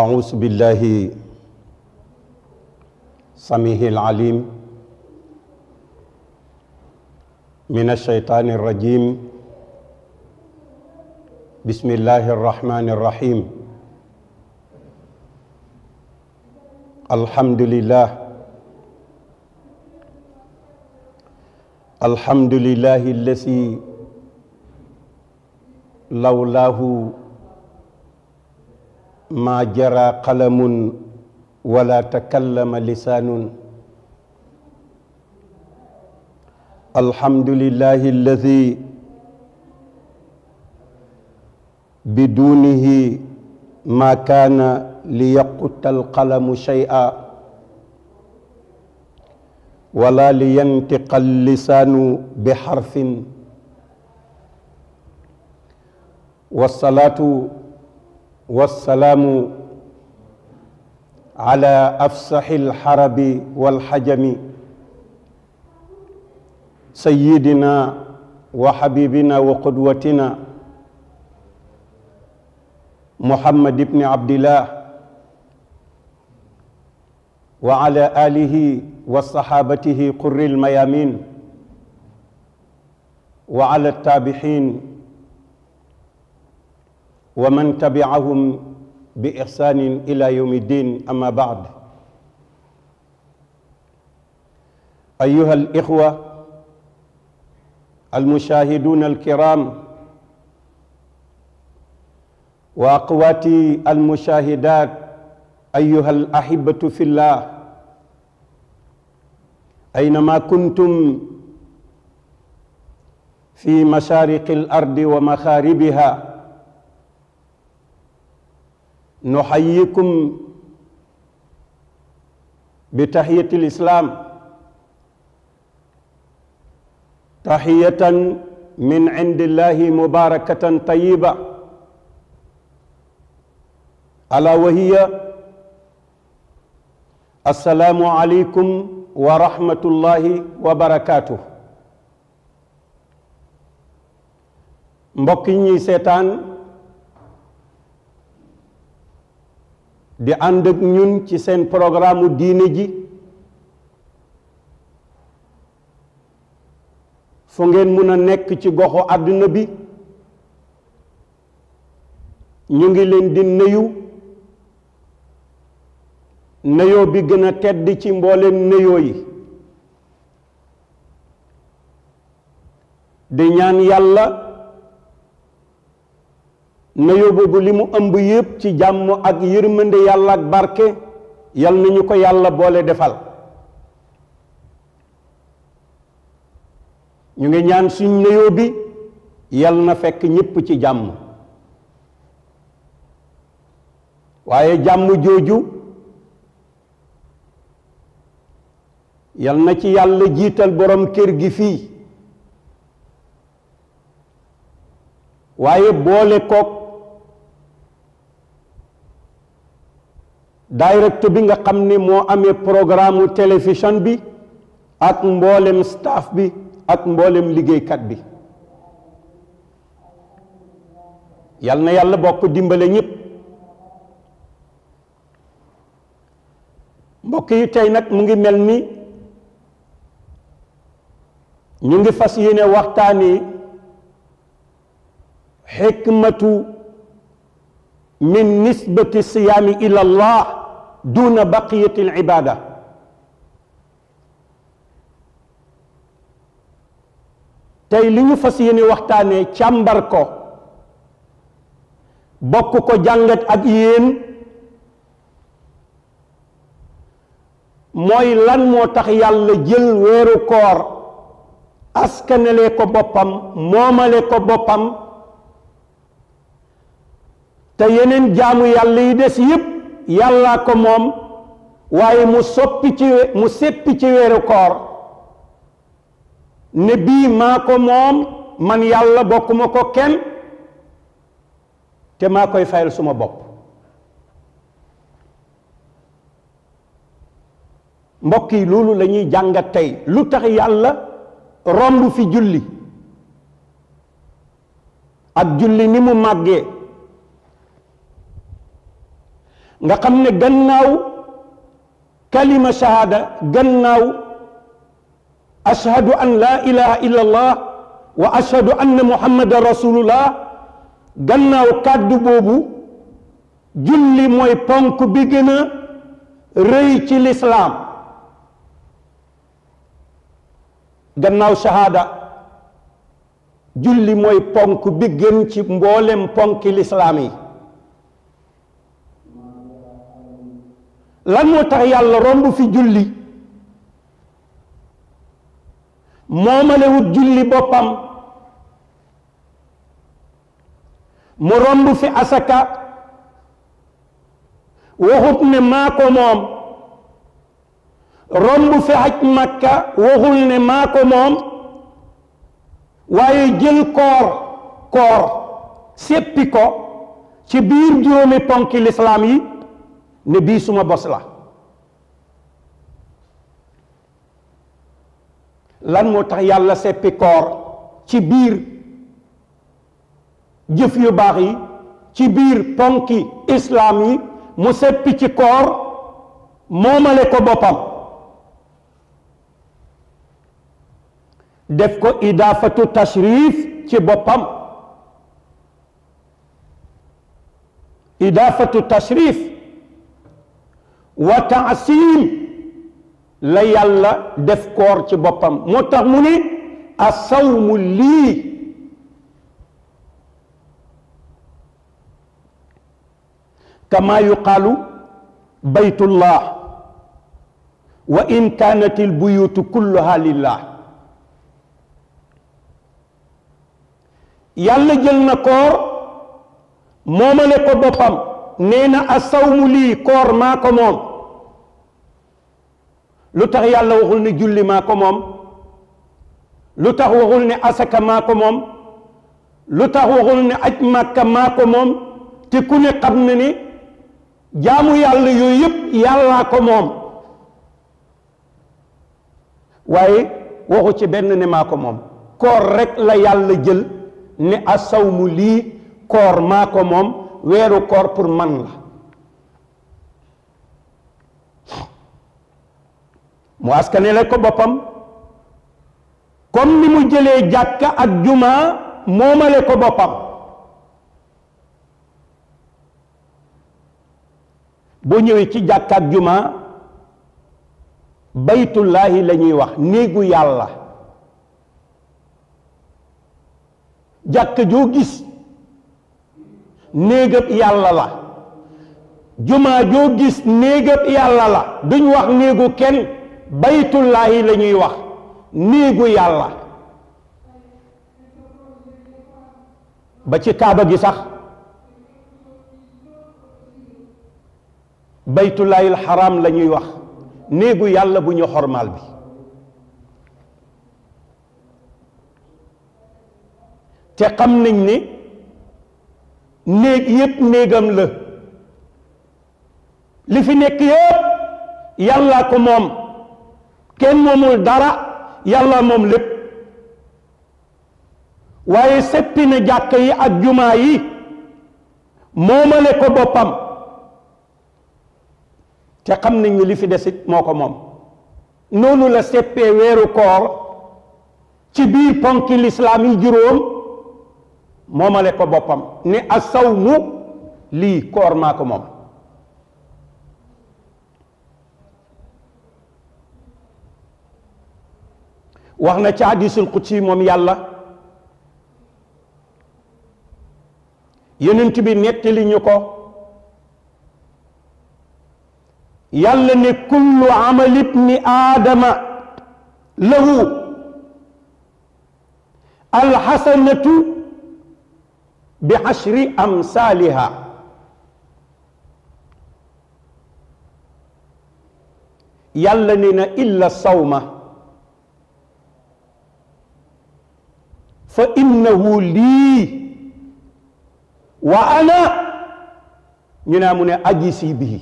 أعوذ بالله سميه العليم من الشيطان الرجيم بسم الله الرحمن الرحيم الحمد لله الحمد لله الذي لولاه ما جرى قلم ولا تكلم لسان الحمد لله الذي بدونه ما كان ليقت القلم شيئا ولا لينطق اللسان بحرف والصلاه والسلام على أفصح الحرب والحجم سيدنا وحبيبنا وقدوتنا محمد بن عبد الله وعلى آله وصحابته قر الميامين وعلى التابحين ومن تبعهم بإحسان إلى يوم الدين أما بعد أيها الإخوة المشاهدون الكرام وأقواتي المشاهدات أيها الأحبة في الله أينما كنتم في مشارق الأرض ومخاربها نحييكم بتحية الإسلام تحية من عند الله مباركة طيبة ألا وهي السلام عليكم ورحمة الله وبركاته مبكيني سيطان di ànd ak ñun ci seen programme diine ji fu ngeen mën a nekk ci goxu àdduna bi ñu ngi leen di nuyu nuyoo bi gën a tedd ci mbooleem nuyoo yi di ñaan yàlla na yóbbu li mu ëmb yépp ci jàmm ak yërmande yàlla ak barke yal na ñu ko yàlla boole defal ñu ngi ñaan suñ nuyoo yal na fekk ñépp ci jàmm waaye jàmm jooju yal na ci yàlla jiital boroom kër gi fii waaye boole kook direct bi nga xam ne moo amee programu télévision bi ak mboolem staff bi ak mboolem liggéeykat bi yal na yàlla bokk dimbale ñépp mbokk yi tey nag mu ngi mel ni ñu ngi fas yéene waxtaani xikmatu min nisbati siyaami ila duna baqiyati al ibada tey li ñu fas yéene waxtaanee càmbar ko bokk ko jàngat ak yéen mooy lan moo tax yàlla jël weeru koor askanale ko boppam moomale ko boppam te yeneen jaamu yàlla yi des yépp yalla ko moom waaye mu soppi ci mu seppi ci weeru koor ne bii maa ko moom man yàlla bokkuma ko kenn te maa koy fayal suma bopp mbokk yi loolu la ñuy jàngat tey lu tax yàlla romb fi julli ak julli ni mu màggee nga xam ne gannaaw kalima shahada gannaaw ashhadu an la ilaha illa allah wa ashhadu anna muhammadan rasulullah gannaaw kàddu boobu julli mooy ponk bi gën a rëy ci lislaam gannaaw shahada julli mooy ponk bi gën ci mboolem ponki lislaam yi lan moo tax yàlla romb fi julli moomalewut julli boppam mu romb fi asaka waxut ne maa ko moom romb fi aj makka waxul ne maa ko moom waaye jël koor koor seppi ko ci biir juróomi ponki lislaam yi ne bii suma bos la lan moo tax yàlla seppi koor ci biir jëf yu baax yi ci biir ponki islaam yi mu seppi ci koor moomale ko boppam def ko idaafatu tashrif ci boppam idaafatu tashrif wa لا يلا دف كور تي بوبام موتاخ موني الصوم لي كما يقال بيت الله وإن كانت البيوت كلها لله يالا جلنا كور مومالي كو بوبام nee na asawmu lii koor maa ko moom lu tax yàlla waxul ne julli maa ko moom lu tax waxul ne asaka maa ko moom lu tax waxul ne aj màkka maa ko moom te ku ne xam na ni jaamu yàlla yooyu yëpp yàllaa ko moom waaye waxu ci benn ne maa ko moom koor rek la yàlla jël ne asawmu lii koor maa ko moom wéru koor pour man la mu askanele ko boppam comme ni mu jëlee agjuma. ak juma moomale ko boppam bo ñëwee ci jàkka ak juma baytullahi la ñuy wax néegu yàlla jakka joo gis néegab yàlla la jumaa joo gis néegab yàlla la duñ wax néegu kenn baytullaahi la ñuy wax néegu yàlla ba ci kaaba gi sax baytullaahi alxaram la ñuy wax néegu yàlla bu ñu xormaal bi te xam nañ ni néeg yépp néegam la li fi nekk yépp yàllaa ko moom kenn moomul dara yàlla moom lépp waaye seppi na jàkk yi ak jumaa yi moomale ko boppam te xam nañ li fi desit moo ko moom noonu la seppee weeru koor ci biir ponki lislaam yi juróom momale ko bopam ni asawmu li lii koor maa ko moom ci hadithul qudsi mom yàlla yonent bi nettali ñu ko yàlla ne kullu amal ibn adama lahu الحسنه bi xashri amsaaliha yàlla ne na illa sawma fa innahu lii wa ana ñu naa mu ne ajisi bii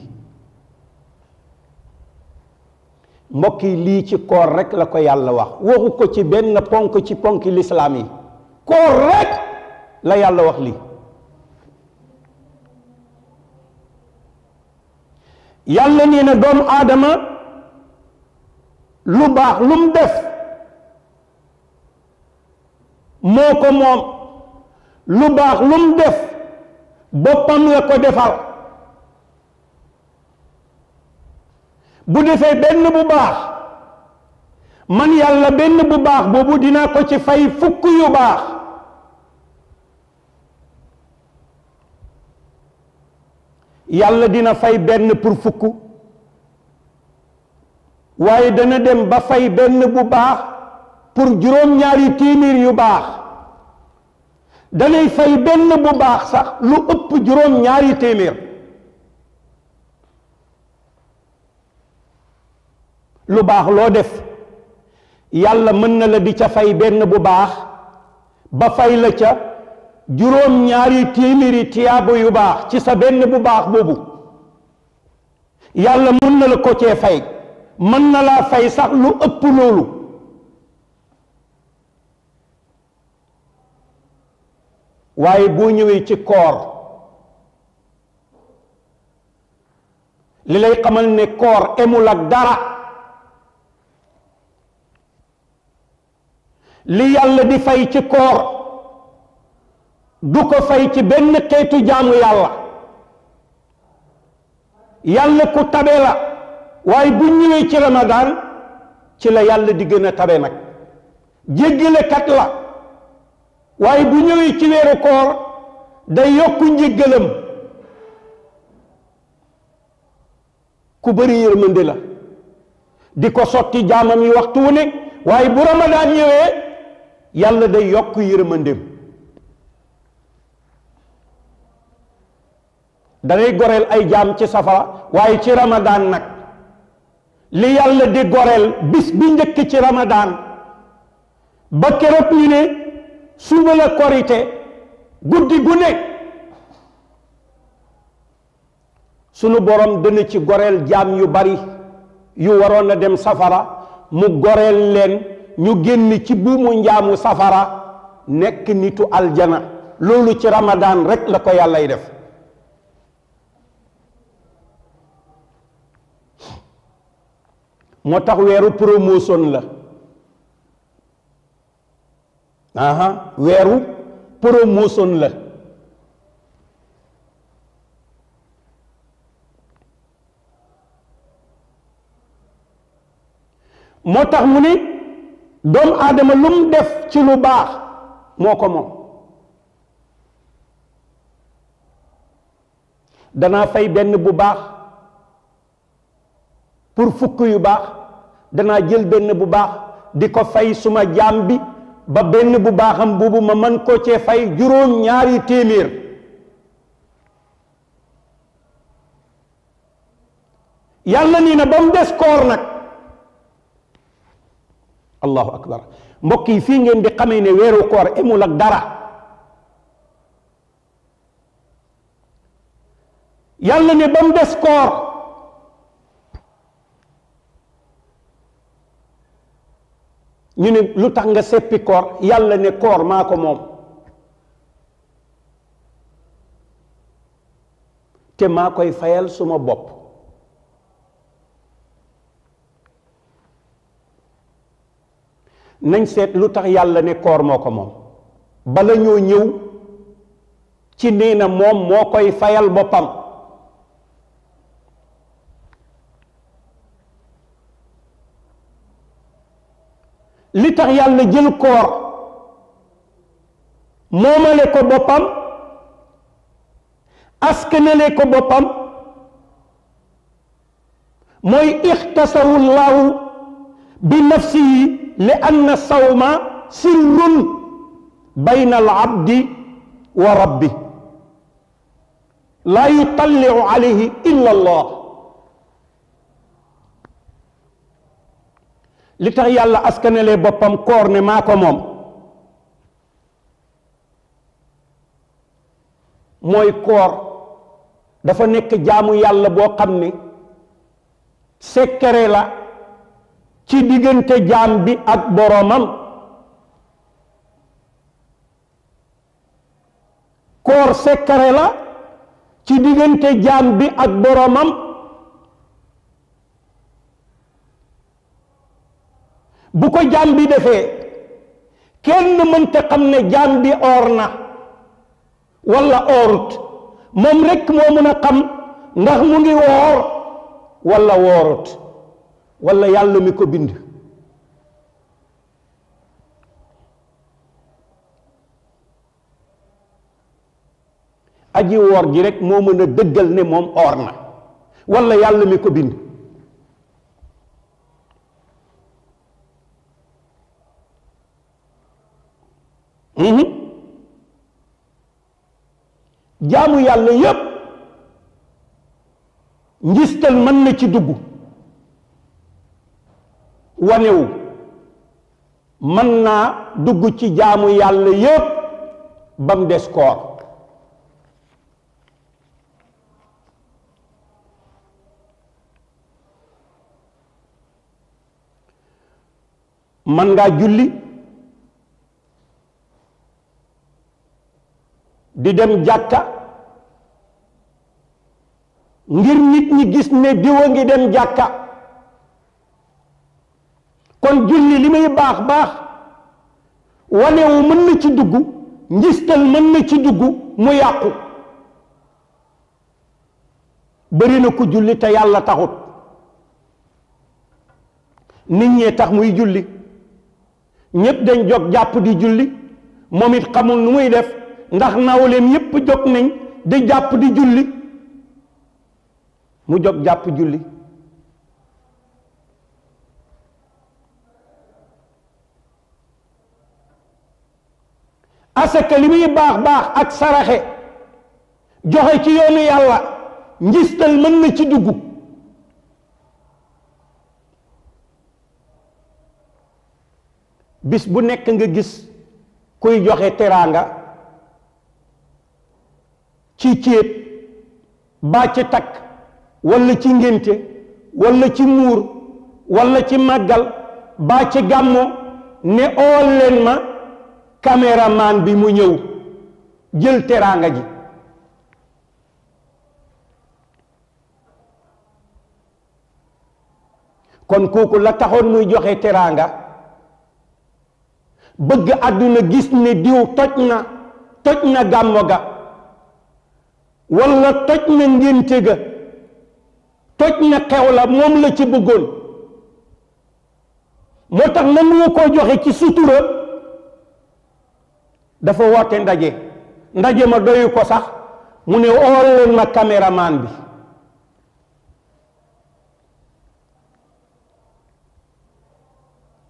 mbokk yi lii ci koor rek la ko yàlla wax waxu ko ci benn ponk ci ponk lislaam yi koor la yàlla wax lii yàlla nee na doomu aadama lu baax lu mu def moo ko moom lu baax lu mu def boppam la ko defal bu defee benn bu baax man yàlla benn bu baax boobu dinaa ko ci fay fukk yu baax yàlla dina fay benn pour fukk waaye dana dem ba fay benn bu baax pour juróom-ñaari téeméer yu baax danay fay benn bu baax sax lu ëpp juróom-ñaari téeméer lu baax loo def yàlla mën na la di ca fay benn bu baax ba fay la ca juróom ñaari téeméeri tiyaabo yu baax ci sa benn bu baax boobu yàlla mun na la ko cee fay mën na laa fay sax lu ëpp loolu waaye boo ñëwee ci koor li lay xamal ne koor emul ak dara li yàlla di fay ci koor du ko fay ci benn xeetu jaamu yàlla yàlla ku tabe la waaye bu ñëwee ci ramadaan ci la yàlla di gën a tabe nag jéggale kat la waaye bu ñëwee ci weeru koor day yokku njéggalam ku bëri yërmande la di ko sotti jaamam yi waxtu wu ne waaye bu ramadaan ñëwee yàlla day yokk yërmandeem danay goreel ay jaam ci safara waaye ci ramadaan nag li yàlla di goreel bis bi njëkk ci ramadaan ba keroog ñu ne suba la korite guddi gu nekk sunu borom dana ci goreel jaam yu bari yu waroon a dem safara mu goreel leen ñu génn ci buumu njaamu safara nekk nitu aljana loolu ci ramadaan rek la ko yàllay def motax wéru promotion la aha wéru promotion la motax mu ne à def ci lu bax moko mom fay Ben bu pour fukk yu baax danaa jël benn bu baax di ko fay suma jaam bi ba benn bu baaxam boobu ma man koo ci fay juróom ñaari téeméer yàlla nii na ba mu des koor nag allahu akbar mbokk yi fii ngeen di xamee ne weeru koor emul ak dara yàlla ne ba mu des koor ñu ne lu tax nga seppi koor yàlla ne koor maa ko moom te maa koy fayal suma bopp nañ seet lu tax yàlla ne koor moo ko moom bala ñoo ñëw ci nee na moom moo koy fayal boppam li tax yàlla jël koor moomale ko boppam askanale ko boppam mooy ixtasahu llahu bi nafsihi li anna sawma sirrun bayna al abdi wa rabbi la yutalliu alayhi illa allah li tax yàlla askanelee boppam koor ne maa ko moom mooy koor dafa nekk jaamu yàlla boo xam ne sekkere la ci diggante jaam bi ak boroomam koor sekkere la ci diggante jaam bi ak boroomam bu ko jaam bi defee kenn mënta xam ne jaam bi oor na walla oorut moom rekk moo mën a xam ndax mu ngi woor walla woorut walla yàlla mi ko bind aji woor ji rekk moo mën a dëggal ne moom oor na walla yàlla mi ko bind Mhm. jaamu yàlla yépp ngistal mën na ci dugg wanewu mën naa dugg ci jaamu yàlla yépp ba mu des koor mën ngaa julli di dem jàkka ngir nit ñi gis ne diwa ngi dem jàkka kon julli li muy baax baax wanewu mën na ci dugg njistal mën na ci dugg mu yàqu bëri na ku julli te yàlla taxut nit ñee tax muy julli ñépp dañ jot jàpp di julli moom it xamul nu muy def ndax nawleem yépp jot nañ di jàpp di julli mu jot jàpp julli asaka li muy baax baax ak saraxe joxe ci yoonu yàlla njistal mën na ci dugg bis bu nekk nga gis kuy joxe teraanga ci céet baa ci takk walla ci ngénte walla ci muur walla ci màggal baa ci gàmmo ne ool leen ma caméraman bi mu ñëw jël teraanga ji kon kooku la taxoon muy joxe teraanga bëgg àdduna gis ne diw toj na toj na gàmmo ga walla toj na ngénte ga toj na xew la moom la ci bëggoon moo tax nangu ko joxe ci sutura dafa woote ndaje ndaje ma doyu ko sax mu ne ool leen ma caméraman bi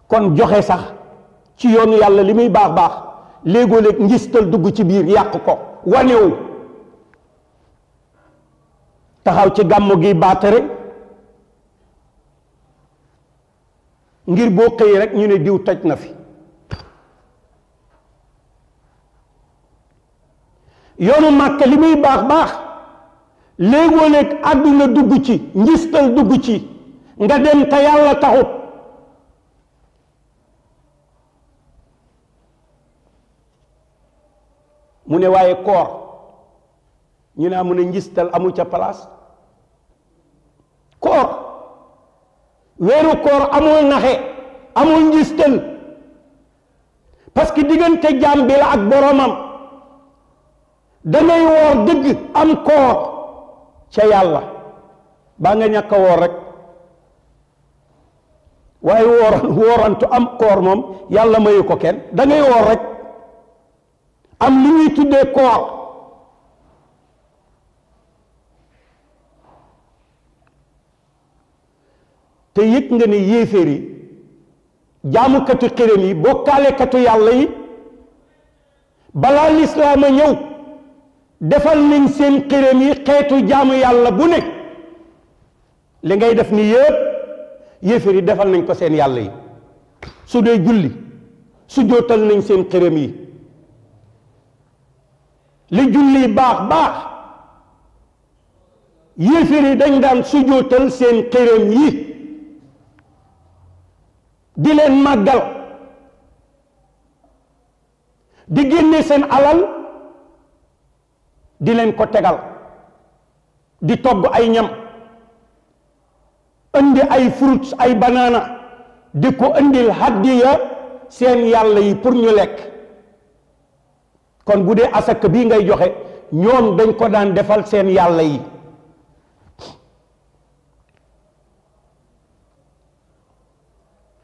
kon joxe sax ci yoonu yàlla li muy baax baax léegoo léeg ngistal dugg ci biir yàq ko wanewu taxaw ci gàmmu gi baatare ngir boo xëyee rekk ñu ne diw toj na fi yoonu màkk li muy baax baax léegoo léeg àdduna dugg ci njistal dugg ci nga dem te yàlla taxut mu ne waaye koor ñu ne amu ne njistal amu ca place koor weeru koor amul naxe amul njistal parce que diggante jaam bi la ak boromam dangay woor dëgg am koor ca yàlla baa nga ñàkk a woor rek waaye wooran woorantu am koor moom yàlla mayu ko kenn dangay woor rek am li ñuy tuddee koor te yëg nga ne yéeféer yi jaamukatu xiram yi bokkaalekatu yàlla yi balaa lislaama ñëw defal nañ seen xiram yi xeetu jaamu yàlla bu nekk li ngay def ni yëpp yéeféer yi defal nañ ko seen yàlla yi su dee julli su nañ seen xiram yi li julli baax baax yéeféer yi dañ daan su seen xiram yi di len magal di genné sen alal di len ko tégal di togg ay ñam ay fruits ay banana di ko indil hadiya sen yalla yi pour ñu lek kon budé asak bi ngay joxé ñom dañ ko daan defal sen yalla yi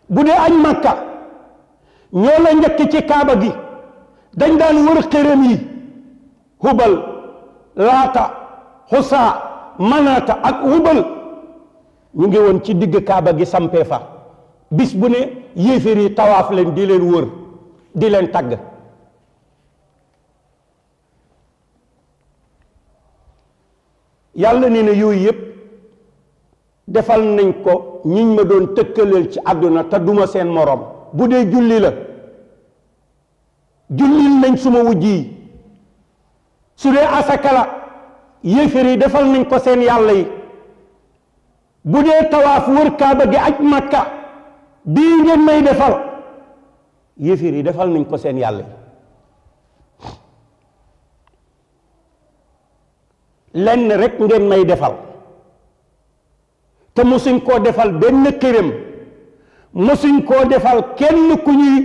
bu dee añ màkka ñoo la njëkk ci kaaba gi dañ daan wër xërëm yi hubal laata xusaa manaata ak hubal ñu ngi woon ci digg kaaba gi sampee fa bis bu ne yéeféer yi tawaaf leen di leen wër di leen tagg yàlla nee na yooyu yépp defal nañ ko ñiñ ma doon tëkkaleel ci àdduna te duma seen moroom bu dee julli la jullil nañ suma wujj yi su dee asaka la yéefér yi defal nañ ko seen yàlla yi bu dee tawaaf wër kaaba gi aj makka bii ngeen may defal yéefér yi defal nañ ko seen yàlla yi lenn rekk ngeen may defal te mosuñ koo defal benn këram mësuñ koo defal kenn ku ñuy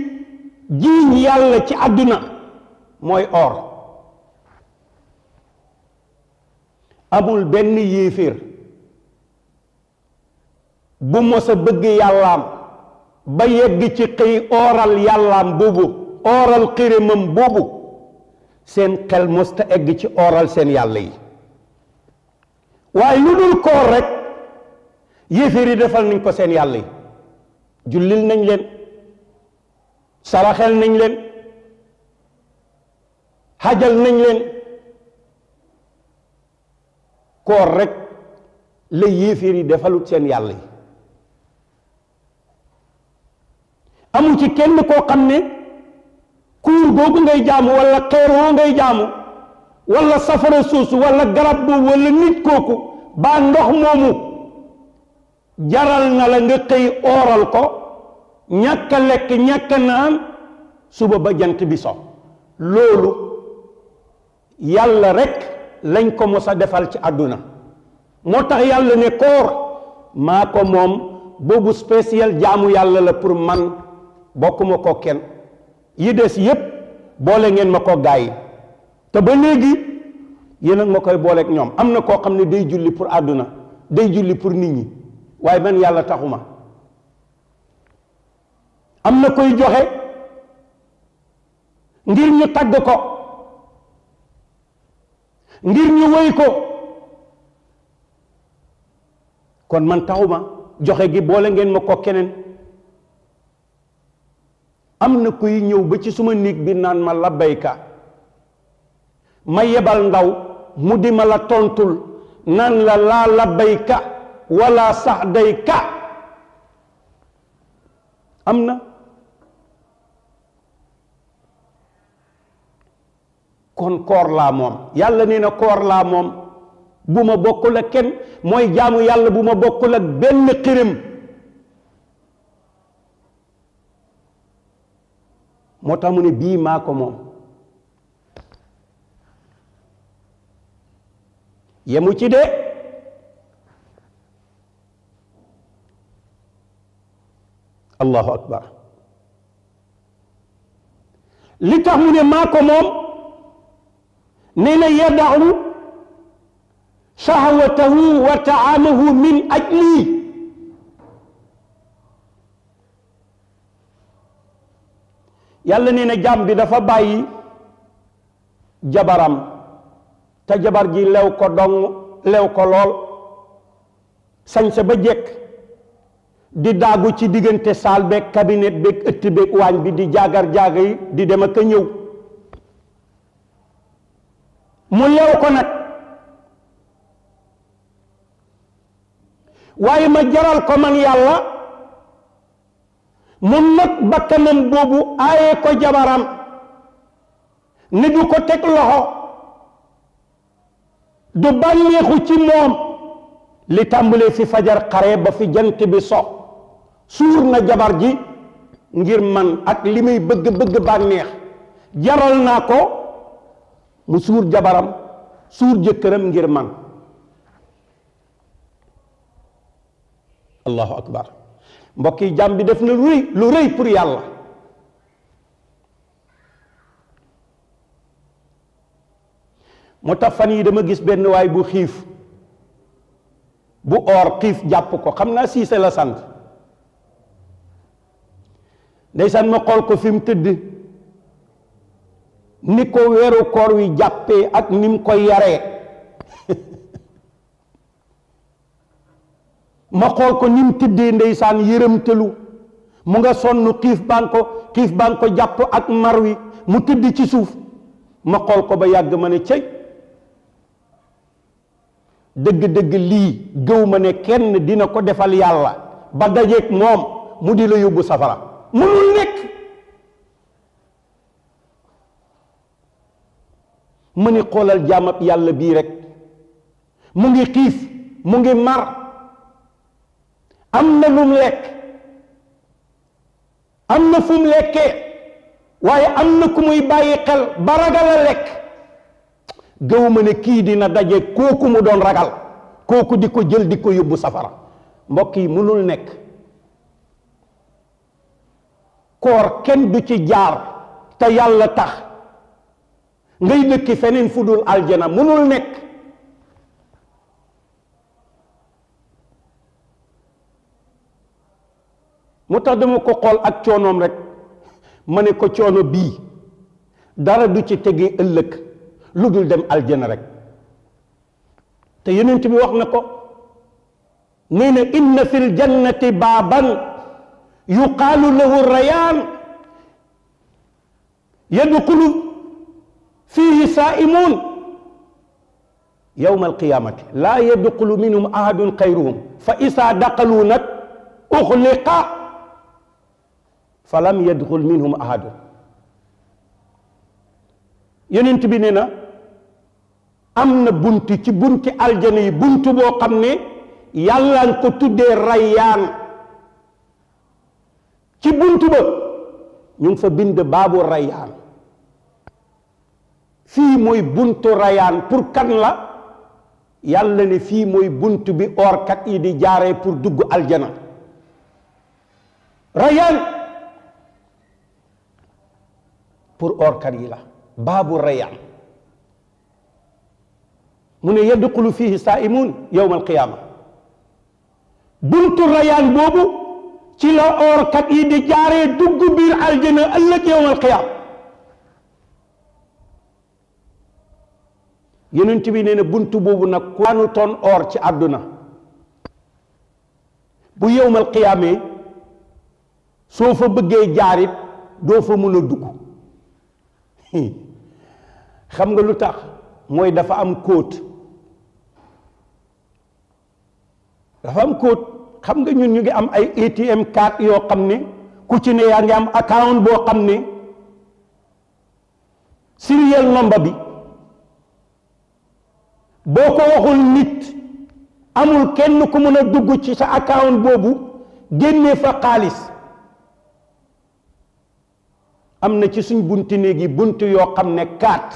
jiiñ yàlla ci àdduna mooy or amul benn yéeféer bu mos a bëgg yàllaam ba yegg ci xëy ooral yàllaam boobu ooral xërëmam boobu seen xel mosta egg ci ooral seen yàlla yi waaye lu dul koor rek yéeféer yi defal nañ ko seen yàlla yi jullil nañ leen saraxel nañ leen xajal nañ leen koor rekk la yéeféer yi defalut seen yàlla amuñ ci kenn koo xam ne kuur googu ngay jaamu walla xeer woo ngay jaamu walla safara suusu walla garab boobu walla nit kooku baa ndox moomu jaral na la nga xëy ooral ko ñàkk a lekk ñàkk naan suba ba jant bi so loolu yàlla rekk lañ ko mos a defal ci àdduna moo tax yàlla ne koor maa ko moom boobu special jaamu yàlla la pour man bokkuma ko kenn yi des yépp boole ngeen ma ko gaay te ba léegi yéen ak ma koy booleeg ñoom am na koo xam ne day julli pour àdduna day julli pour nit ñi waaye man yàlla taxuma am na koy joxe ngir ñu tagg ko ngir ñu wéy ko kon man taxuma joxe gi boole ngeen ma ko keneen am na kuy ñëw ba ci suma néeg bi naan ma labbayka ma yebal ndaw mu di ma la tontul naan la laa labbayka wala sax day ka am na kon koor laa moom yàlla nee na koor laa moom bu ma bokkul ak kenn mooy jaamu yàlla bu ma bokkul ak benn xirim moo tax mu ne bii maa ko moom yemu ci de allahu akbar li tax mu ne maa ko moom nee na yadaru shahwatahu wa taamahu min ajli yàlla nee na jaam bi dafa bàyyi jabaram te jabar ji lew ko dong lew ko lool sañ ba jekk di daagu ci diggante saal beeg cabinet beeg ëtt beeg waañ bi di jaagar jaaga yi di dem a ñëw mu leew ko nag waaye ma jaral ko man yàlla mu nag bakkanam boobu aaye ko jabaram ni du ko teg loxo du bànneexu ci moom li tàmbalee fi fajar xare ba fi jant bi so Sur na jabar ji ngir man ak limay bëgg bëgg ba neex jaral nako, ko mu jabaram sur jëkkëram ngir man allahu akbar mbokk jam jàmm bi def na Motafani lu reuy pour yalla motax fan yi dama gis benn waay bu xiif bu or xiif jàpp ko xam naa siise la sant ndeysaan ma xool ko fi mu tëdd ni ko weeru koor wi jàppee ak ni mu koy yaree ma xool ko ni mu tëddee ndeysaan yërëmtalu mu nga sonn xiif baan ko xiif baan ko jàpp ak mar wi mu tëdd ci suuf ma xool ko ba yàgg ma ne cey dëgg-dëgg lii gëw ma ne kenn dina ko defal yàlla ba dajeeg moom mu di la yóbbu safara mënul nekk mu ni xoolal jaamab yàlla bii rekk mu ngi xiif mu ngi mar am na lum lekk am na fu mu lekkee waaye am na ku muy bàyyi xel ba ragal a lekk gëw ne kii dina daje kooku mu doon ragal kooku di ko jël di ko yóbbu safara mbokk yi mënul nekk koor kenn du ci jaar te yàlla tax ngay dëkki feneen fu dul aljana mënul nekk mu tax dama ko xool ak coonoom rek ma ne ko coono bii dara du ci tegee ëllëg lu dul dem aljana rek te yonent bi wax na ko nee na inna fil jannati baaban يقال له الريان يدخل فيه سائمون يوم القيامة لا يدخل منهم أحد غيرهم فإذا دخلوا نت أغلق فلم يدخل منهم أحد يننت بننا أمن بنتي تي الجني الجنة بنت بو قمني يلا كتدي ريان ci buntu ba ñu ngi fa bind baabu rayaan fii mooy buntu rayaan pour kan la yàlla ni fii mooy bunt bi oorkat yi di jaaree pour dugg aljana rayaan pour oorkat yi la baabu rayaan mu ne yadxulu fiihi saaimuun yowma alqiyaama buntu rayaan boobu ci la oorkat yi di jaaree dugg biir aljana ëllëg yowmal qiyaam yonent bi nee na bunt boobu nag ku daanu ton or ci àdduna bu yowmal qiyaamee soo fa bëggee jaarit doo fa mën a dugg xam nga lu tax mooy dafa am kóot dafa am kóot xam nga ñun ñu ngi am ay ATM card yoo xam ne ku ci ne yaa ngi am account boo xam ne serial number bi boo ko waxul nit amul kenn ku mën a dugg ci sa account boobu génnee fa xaalis am na ci suñ bunt néegi bunt yoo xam ne kaat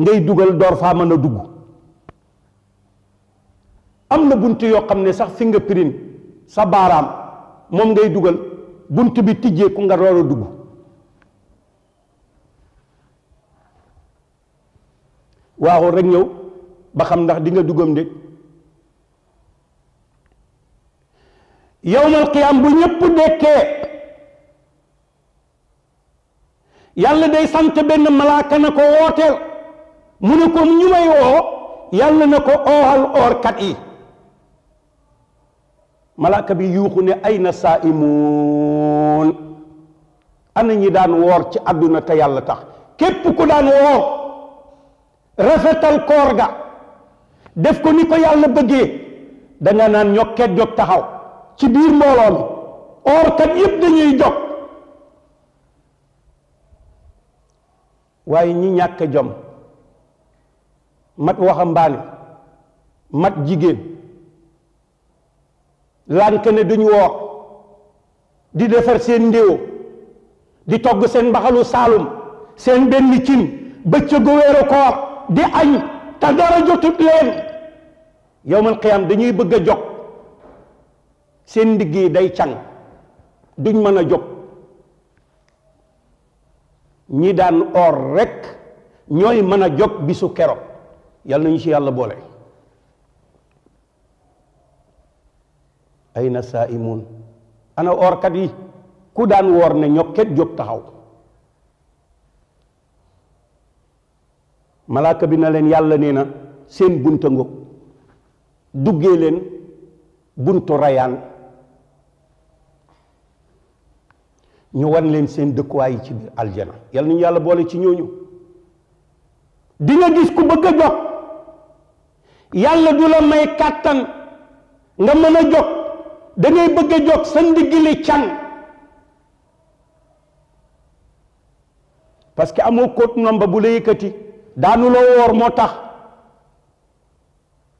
ngay dugal door faa mën a dugg am na bunt yoo xam ne sax fingerprint sa baaraam moom ngay dugal bunt bi tijjeeku nga door a dugg waaw rek ñëw ba xam ndax dinga nga duggam déet yowmal qiyaam bu ñépp dekkee yàlla day sant benn malaaka na ko wooteel mu ne ko ñu may woo yàlla na ko ooxal oorkat yi malaaka bi yuuxu ne ay na saa imuun ana ñi daan woor ci àdduna te yàlla tax képp ku daan woor rafetal koor ga def ko ni ko yàlla bëggee danga naan ñokkeet jot taxaw ci biir mbooloo mi or kat dañuy jóg waaye ñi ñàkk jom mat waxambaane mat jigéen Lan ne duñ di defar sen ndew di togg sen baxalu saalum ben benn cin go weeru ko di añ ta dara jotut len yowmal qiyam dañuy bëgg jox sen diggi day can duñ mëna jox ñi daan or rek ñoy mëna jox bisu yalla ñu ci yalla boole ay na saa ana oorkat yi ku daan woor ne ñokket jóg taxaw malaaka bi na leen yàlla nee na seen bunta ngóg duggee leen buntu rayaan ñu wan leen seen dëkkuwaay ci biir aljana yal nañu yàlla boole ci ñooñu di nga gis ku bëgg jóg yàlla du la may kàttan nga mën a jóg da ngay bëgg a jot sa ndigili can parce que amoo kot nomba bu la yëkkati daanu woor moo tax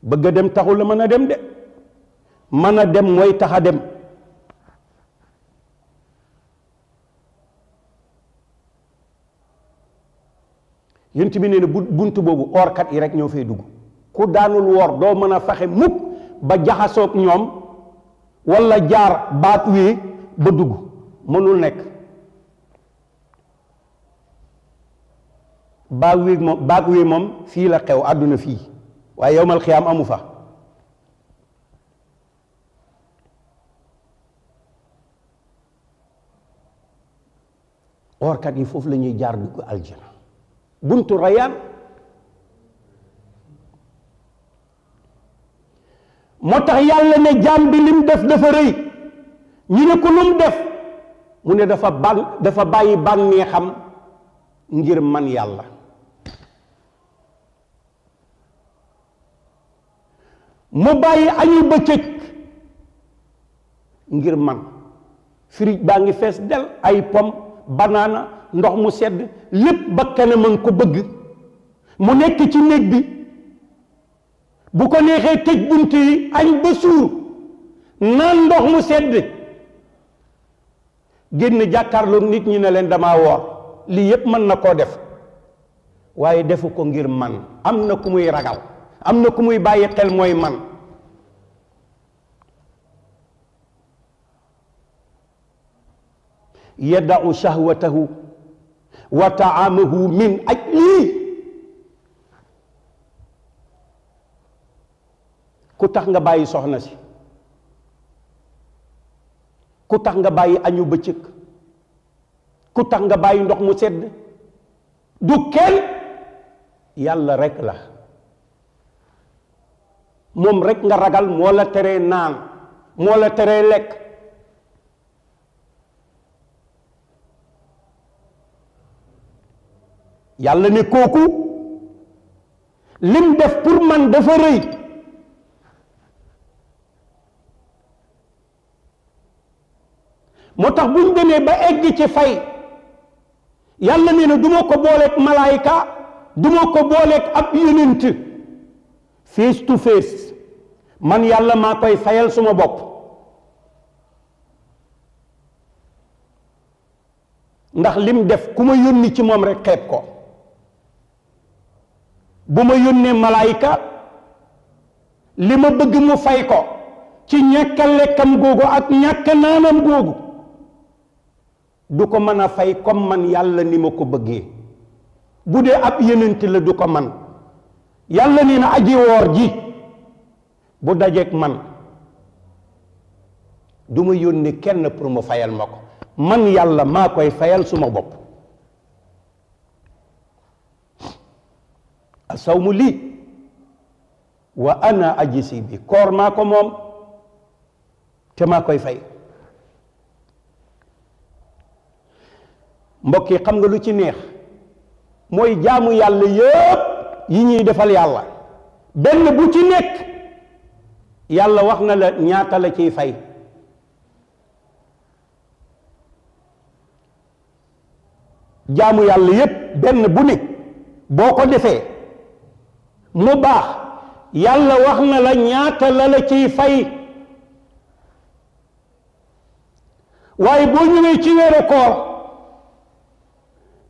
bëgg a dem taxul la mën a dem de mën a dem mooy tax a dem yent bi nee na bunt boobu oorkat yi rek ñoo fay dugg ku daanul woor doo mën a faxe mukk ba jaxasoog ñoom wala jaar baat wi ba dugg mënul nekk baat wi moom baat wee moom fii la xew àdduna fii waaye yowmal xiyaam amu fa orkat yi foofu la ñuy jaar dugg aljana buntu rayaan moo tax yàlla ne jaam bi lim def dafa rëy ñu ne ko lum def mu ne dafa ban dafa bàyyi bànneexam ngir man yàlla mu bàyyi añu bëccëg ngir man firij baa ngi fees del ay pom banaana ndox mu sedd lépp bakkane man ko bëgg mu nekk ci néeg bi bu ko neexee tëj bunt yi añ ba suur naan ndox mu sedd génn jàkkaarloog nit ñi ne leen dama woor lii yépp mën na koo def waaye defu ko ngir man am na ku muy ragal am na ku muy bàyyi xel mooy man yadau shahwatahu wa taamahu min aj ku tax nga bàyyi soxna si ku tax nga bàyyi añu bëccëg ku tax nga bàyyi ndox mu sedd du kenn yàlla rekk la moom rekk nga ragal moo la teree naan moo la teree lekk yàlla ne kooku lim def pour man dafa rëy moo tax buñ demee ba egg ci fay yàlla ne na du ma ko booleeg malaayika du ma ko booleeg ab yonent face to face man yàlla maa koy fayal suma bopp ndax lim def ku ma yónni ci moom rek xeeb ko bu ma yónnee malaayika li ma bëgg mu fay ko ci ñàkk a lekkam googu ak ñàkk naanam googu du ko mën a fay kom man yàlla ni ma ko bëggee bu dee ab yenent la du ko man yàlla nee na aji woor ji bu dajeek man du ma yónni kenn pour mu fayal ma ko man yàlla maa koy fayal suma bopp asawmu lii wa ana ajisi bi koor maa ko moom te maa koy fay mbokk yi xam nga lu ci neex mooy jaamu yàlla yépp yi ñuy defal yàlla benn bu ci nekk yàlla wax na la ñaata la ciy fay jaamu yàlla yépp benn bu nekk boo ko defee mu baax yàlla wax na la ñaata la la ciy fay waaye boo ñëwee ci weeru koor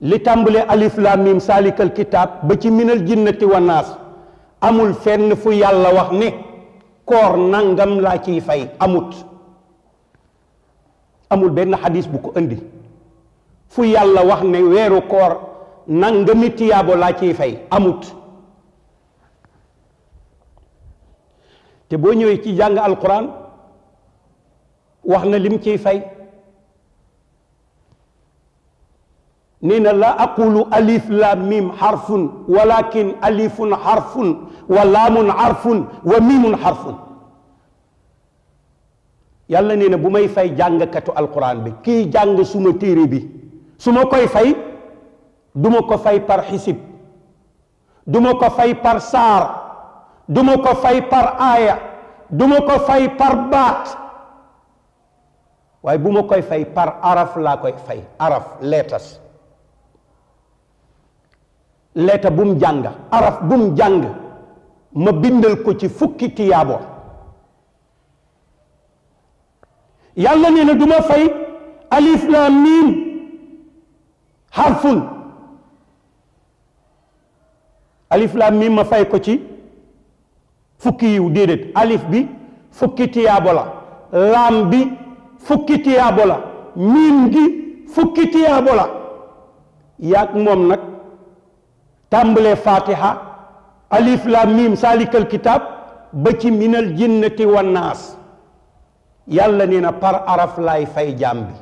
li tàmbale alif lam saalikal kitaab ba ci minal jinnati wanaas amul fenn fu yàlla wax ne koor nangam laa ciy fay amut amul benn xadis bu ko indi fu yàlla wax ne weeru koor nangami tiyaabo laa ciy fay amut te boo ñëwee ci jàng alquran wax na lim ciy fay نين لا أقول ألف لا ميم حرف ولكن ألف حرف ولام حرف وميم حرف يالا نين بومي فاي جانغ كاتو القران بي كي جانغ سوما تيري بي سوما كوي فاي دوما كو فاي بار حسب دوما كو فاي بار سار دوما كو فاي بار آية دوما كو فاي بار بات واي بوما كوي فاي بار عرف لا كوي فاي عرف ليترز leeta bum jàng araf bum jàng ma bindal ko ci fukki tiyaabo yàlla nee na du ma fay alif laam miim harfun alif laam miim ma fay ko ci fukki yiw déedéet alif bi fukki tiyaabo la laam bi fukki tiyaabo la miim gi fukki tiyaabo la yaag moom nag tambale fatiha alif lam mim salikal kitab ba ci minal jinnati wan nas yàlla neena par araf lay fay jambi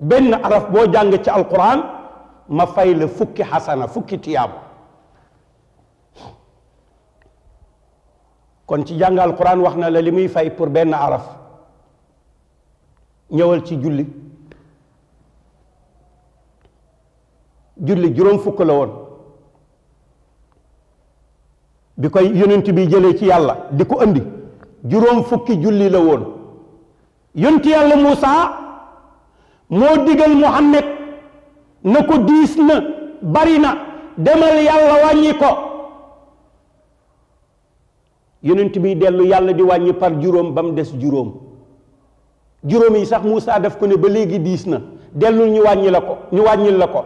ben araf bo jàng ci alquran ma fay le fukki hasana fukki tiyab kon ci jàng alquran waxna la limuy fay pour ben araf ñëwal ci julli julli juróom fukk la woon bi koy yonent bi jëlee ci yàlla di ko indi juróom fukki julli la woon yonent yàlla Muusa moo digal Muhammad na ko diis na bari na demal yàlla wàññi ko yonent bi dellu yàlla di wàññi par juróom ba mu des juróom juróom yi sax Muusa def ko ne ba léegi diis na dellu ñu wàññi la ko ñu wàññil la ko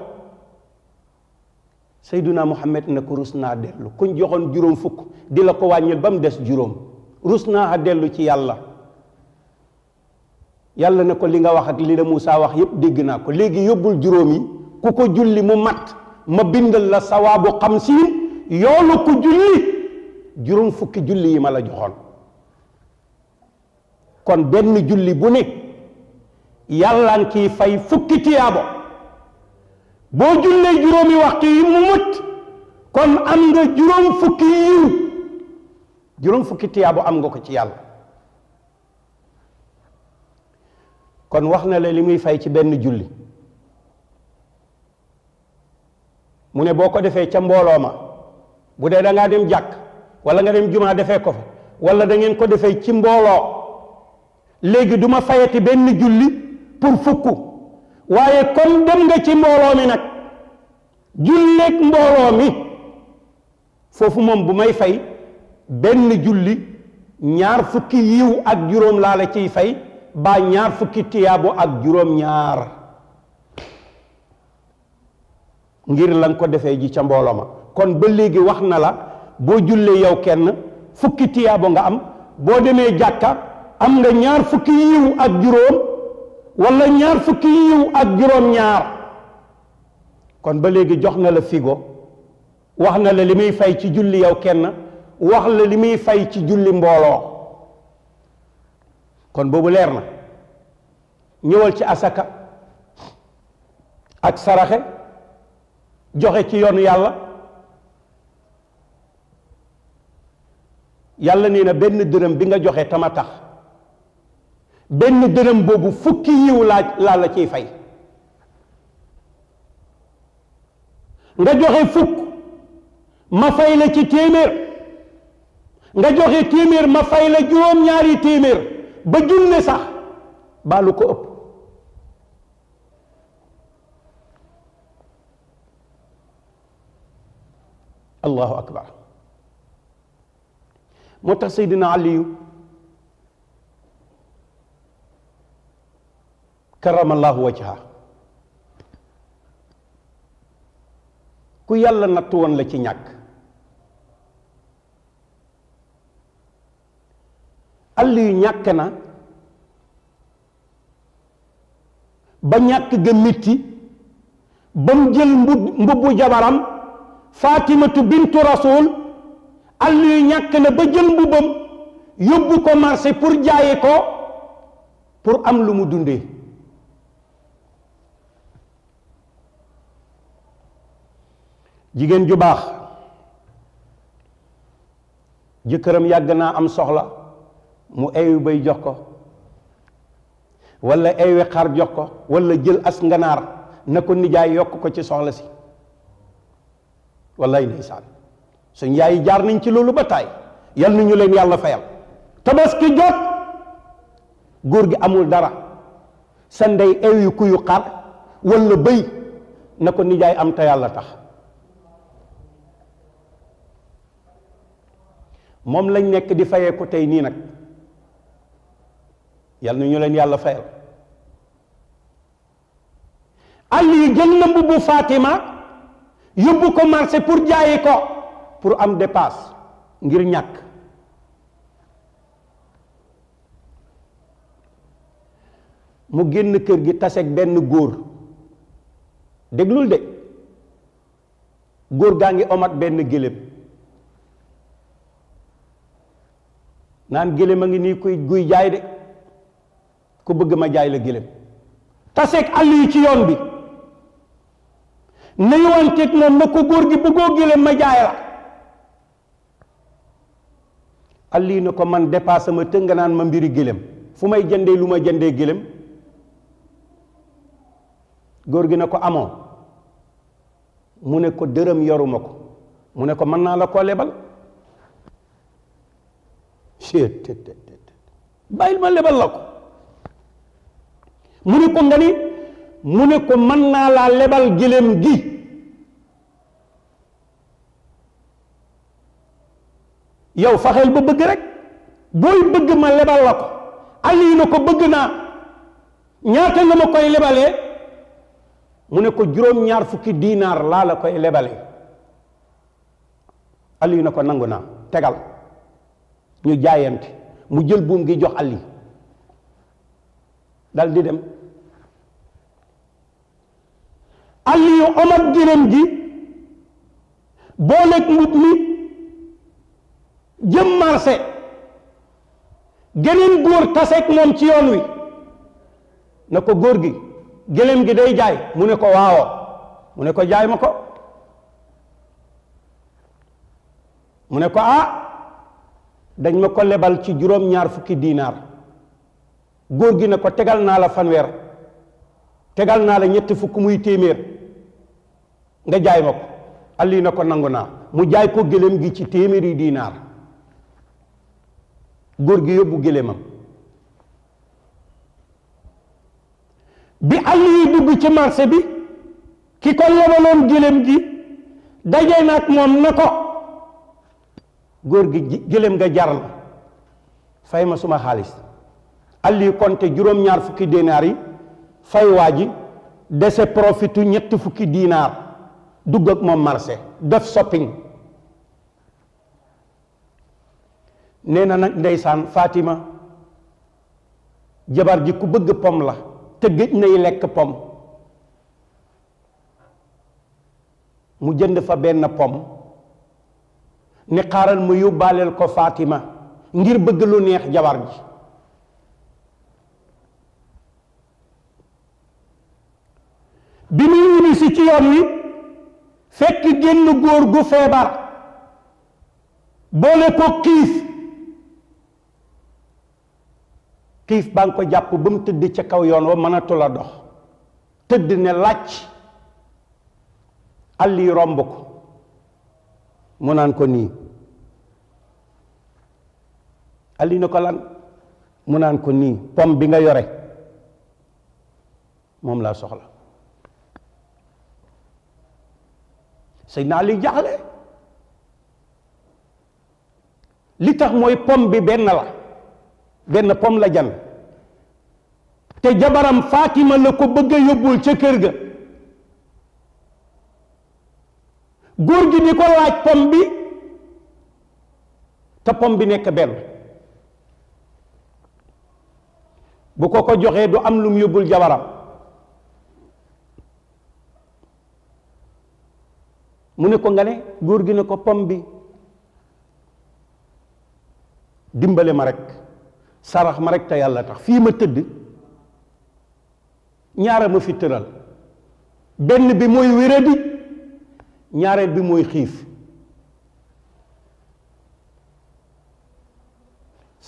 sayduna muhammad ne ko rus naa dellu kuñ joxoon juróom fukk di la ko wàññil ba mu des juróom rus naa a dellu ci yàlla yàlla na ko li nga wax ak li la Moussa wax yépp dégg naa ko léegi yóbbul juróom yi ku ko julli mu matt ma bindal la sawaabu xamsiin yoolu ko julli juróom fukki julli yi ma la joxoon kon benn julli bu ne yàllaan kii fay fukki tiyaabo boo jullee juróomi waxtu yi mu mucc kon am nga juróom fukki yiw juróom fukki tiyaabu am nga ko ci yàlla kon wax na la li muy fay ci benn julli mu ne boo ko defee ca mbooloo ma bu dee da ngaa dem jàkk walla nga dem jumaa defee ko fa wala dangeen ko defee ci mbooloo léegi duma ma benn julli pour fukk waaye comme dem nga ci mbooloo mi nag julleeg mbooloo mi foofu moom bu may fay benn julli ñaar fukki yiw ak juróom laa la ciy fay baa ñaar fukki tiyaabo ak juróom ñaar ngir la ko defee ji ca mbooloo ma kon ba léegi wax na la boo jullee yow kenn fukki tiyaabo nga am boo demee jàkka am nga ñaar fukki yiw ak juróom wala ñaar fukki yiw ak juróom-ñaar kon ba léegi jox na la figo wax na la li muy fay ci julli yow kenn wax la li muy fay ci julli mbooloo kon boobu leer na ñëwal ci asaka ak saraxe joxe ci yoonu yàlla yàlla nee na benn dërëm bi nga joxe tama tax benn dërëm boobu fukki yiw laa laa la ciy fay nga joxe fukk ma fay la ci téeméer nga joxe téeméer ma fay la juróom-ñaari téeméer ba junne sax baalu ko ëpp akbar moo tax seydina aliyu karamallahu wajha ku yàlla nattu woon la ci ñàkk àll yu ñàkk na ba ñàkk ga mitti ba mu jël mbubbu jabaram fatimatu bintu rasul àll yu ñàkk na ba jël mbubbam yóbbu ko marché pour jaaye ko pour am lu mu dundee jigéen ju baax jëkkëram yàgg naa am soxla mu eewi bay jox ko walla eewi xar jox ko walla jël as nganaar na ko nijaay yokk ko ci soxla si wallaay ndeysaan suñ yaay jaar nañ ci loolu ba taay yal na leen yàlla fayal tabaski jot góor gi amul dara sa ndey eewi kuyu xar walla bëy na ko nijaay am te yàlla tax moom lañ nekk di fayee ko tey nii nag yal na ñu leen yàlla fayal Ali jël na mbubbu Fatima yóbbu ko marché pour jaayi ko pour am dépasse ngir ñàkk mu génn kër gi taseeg benn góor déglul de góor gaa ngi omat benn gélém naan gélém a ngi nii kuy guy jaay de ku bëgg ma jaay la gélém taseeg àll yi ci yoon bi nuyuwanteeg moom na ko góor gi bëggoo gélém ma jaay la àll yi na ko man dépassé ma tënk nga naan ma mbiri gélém fu may jëndee lu ma jëndee gélém góor gi na ko amoon mu ne ko dërëm yoruma ko mu ne ko mën naa la koo lebal seet bàyyil ma lebal la ko mu ne ko nga ni mu ne ko mën naa laa lebal gëléem gi yow faxeel ba bëgg rek booy bëgg ma lebal la ko Aliou na ko bëgg naa ñaata nga ma koy lebalee mu ne ko juróom-ñaar fukki diinaar laa la koy lebale Aliou na ko nangu naa tegal ñu jaayante mu jël buum gi jox Ali dal dem Ali yu omat gënam gi booleeg mut mi jëm marché geneen góor taseeg moom ci yoon wi na ko góor gi gëlëm gi day jaay mu ne ko waawoo mu ne ko jaay ma ko mu ne ko ah dañ ma ko lebal ci juróom-ñaar fukki diinaar góor gi ne ko tegal naa la fanweer tegal naa la ñetti fukk muy téeméer nga jaay ma ko alli na ko nangu naa mu jaay ko gëléem gi ci téeméeri diinaar góor gi yóbbu gëléemam bi alli yi dugg ci marché bi ki ko lebaloon gëléem gi daje na moom na ko góor gi gelem nga jar ma fay ma suma khalis alli konte juróom-ñaar fukki dinar yi fay waji ji profitu ñett fukki dinaar dugg ak mom marché def shopping nee nak nag Fatima jabar ji ku bëgg pom la te gej nay lek pom mu jënd fa benn pom ne xaaral mu yóbbaaleel ko Fatima ngir bëgg lu neex jabar ji bi muy uni si ci yoon wi fekk génn góor gu feebar boole ko xiif xiif baa ngi ko jàpp ba mu tëdd ca kaw yoon wa mënatul a dox tëdd ne làcc àll yi romb ko mu naan ko nii alina ko lan mu naan ko nii pom bi nga yore moom laa soxla Seydina Ali jaxle li tax mooy pom bi benn la benn pom la jan te jabaram Fatima la ko bëgg a yóbbul ca kër ga góor gi ni ko laaj pom bi te pom bi nekk benn bu ko ko joxee du am lum yóbbul jabaram mu ne ko nga ne góor gi ne ko pom bi dimbale ma rekk sarax ma rek te yàlla tax fii ma tëdd ñaara ma fi benn bi mooy wéradi ñaareel bi moy xiif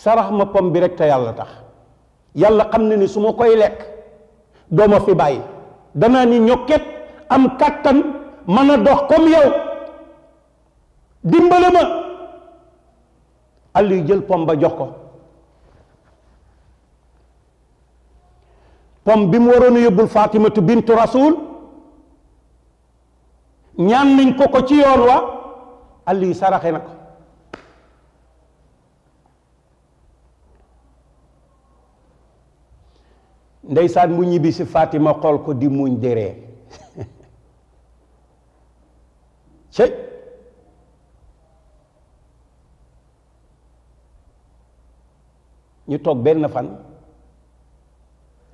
sarax ma pom bi rek ta yalla tax yalla xamna ni suma ma lek do ma fi baye dana ni ñokket am katan mana dox comme yow dimbale ma Aliou jël pom ba jox ko pom bi mu waroon yobul Fatimatu bint Rasul ñaan nañ ko ko ci yoon wa Aliou saraxe na ko ndeysaan mu ñibbi si xool ko di muñ déree cëy ñu toog benn fan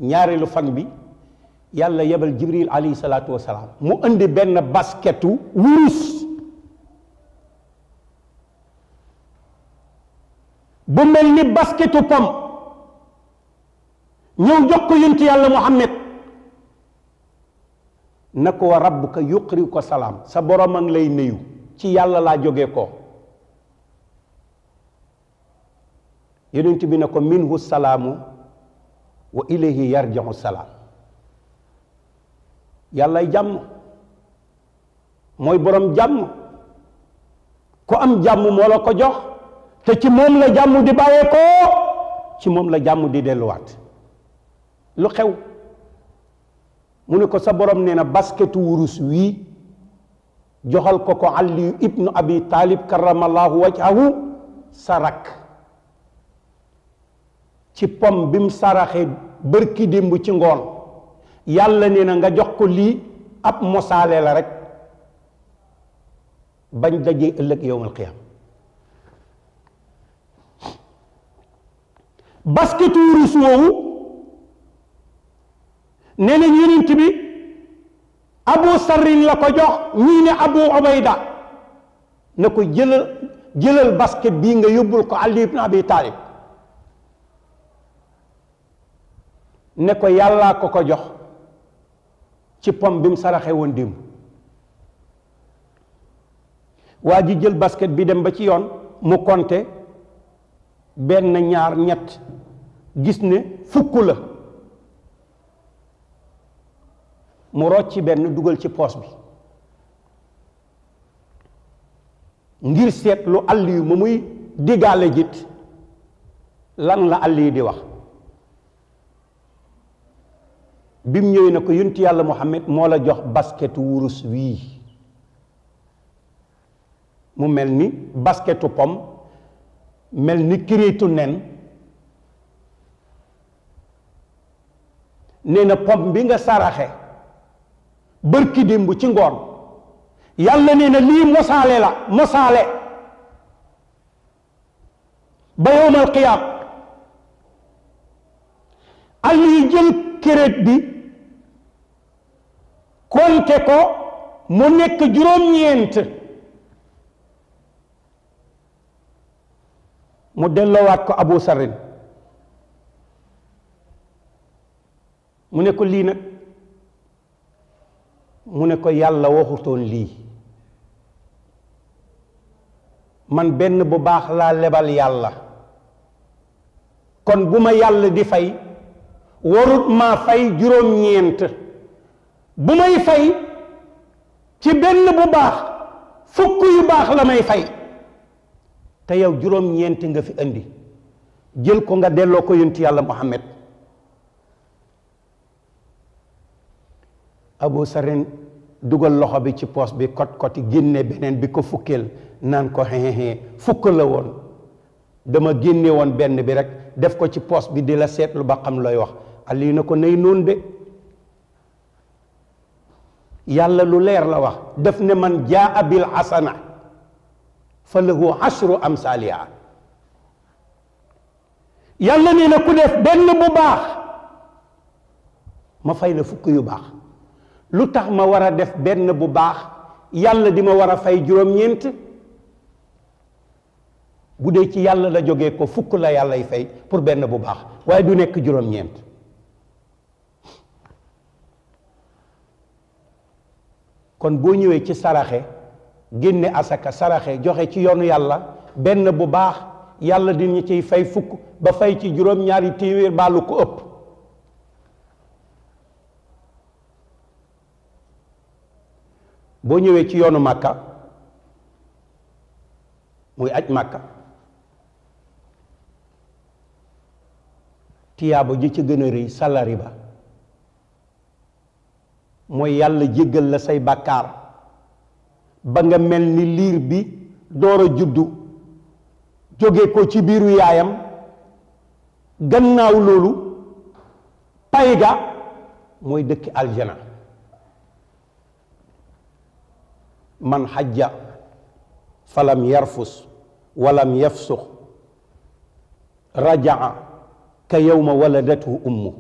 ñaareelu fan bi yàlla yebal jibril alayhi salaatu wasalaam mu indi benn basketu wurus bu mel ni basketu pom ñëw jox ko yonent yàlla muhammad na ko wa rabbuka yuqri ko salaam sa borom a ngi lay nuyu ci yàlla laa jóge ko yonent bi ne ko minhu salaamu wa ilayhi yarjaxu salaam yàllay jàmm mooy borom jàmm ku am jàmm moo la ko jox te ci moom la jàmm di bàyyeekoo ci moom la jàmm di delluwaat lu xew mu ne ko sa borom nee na basketu wurus wii joxal ko ko Aliyu ibnu Abi Taalib karamallahu wajhahu sa rakk ci pom bi mu saraxee bërki démb ci ngoon yàlla nee na nga jox ko lii ab mosaale la rekk bañ dajee ëllëg yowmal qiyaam basketu wurus woowu nee na yonent bi abu sarrin la ko jox ñii ne abu obayda na ko jëlal jëlal basket bii nga yóbbul ko ali ibn abi taalib ne ko yàlla ko ko jox ci pom bi mu saraxee woon démb waa ji jël basket bi dem ba ci yoon mu konte benn ñaar ñett gis ne fukk la mu rocc benn dugal ci poos bi ngir seet lu àll yu ma muy diggaale jit lan la àll yi di wax bi mu ñëwee na ko yunti yàlla Muhammad moo la jox basketu wurus wii mu mel ni basketu pom mel ni kiréetu nen nee na pom bi nga saraxe bërki démb ci ngoon yàlla nee na lii mosaale la mosaale ba yowmal qiyaam àll yi jël kiréet bi konte ko mu nekk juróom-ñeent mu delloowaat ko abu sarrin mu ne ko lii nag mu ne ko yàlla waxutoon lii man benn bu baax laa lebal yàlla kon bu ma yàlla di fay warut maa fay juróom-ñeent bu may fay ci benn bu baax fukk yu baax la may fay te yow juróom-ñeenti nga fi indi jël ko nga delloo ko ci yàlla Muhammad Abu Sarin dugal loxo bi ci poos bi kot koti génne beneen bi ko fukkeel naan ko xeexee fukk la woon dama génnewoon benn bi rek def ko ci poos bi di la seetlu ba xam looy wax Aliou na ko nay noon de yàlla lu leer la wax def ne man jaa bil hasana falahu ashru yàlla ne na ku def ben bu baax ma fay la fukk yu baax lutax ma wara def ben bu baax yàlla di ma fay juroom ñent bu dee ci yàlla la jógee ko fukk la yalla fay pour ben bu baax waye du nek juroom ñent kon boo ñëwee ci saraxe génne asaka saraxe joxe ci yoonu yàlla benn bu baax yàlla dinañu ciy fay fukk ba fay ci juróom-ñaari téeméer baalu ko ëpp boo ñëwee ci yoonu màkka muy aj màkka tiyaaba ji ci gën a rëy salari ba mooy yàlla jéggal la say bàkkaar ba nga mel ni liir bi door a juddu jóge ko ci biiru yaayam gannaaw loolu payga mooy dëkk aljana man xajja falam yarfus walam yafsux rajaa ka yowma waladathu ummu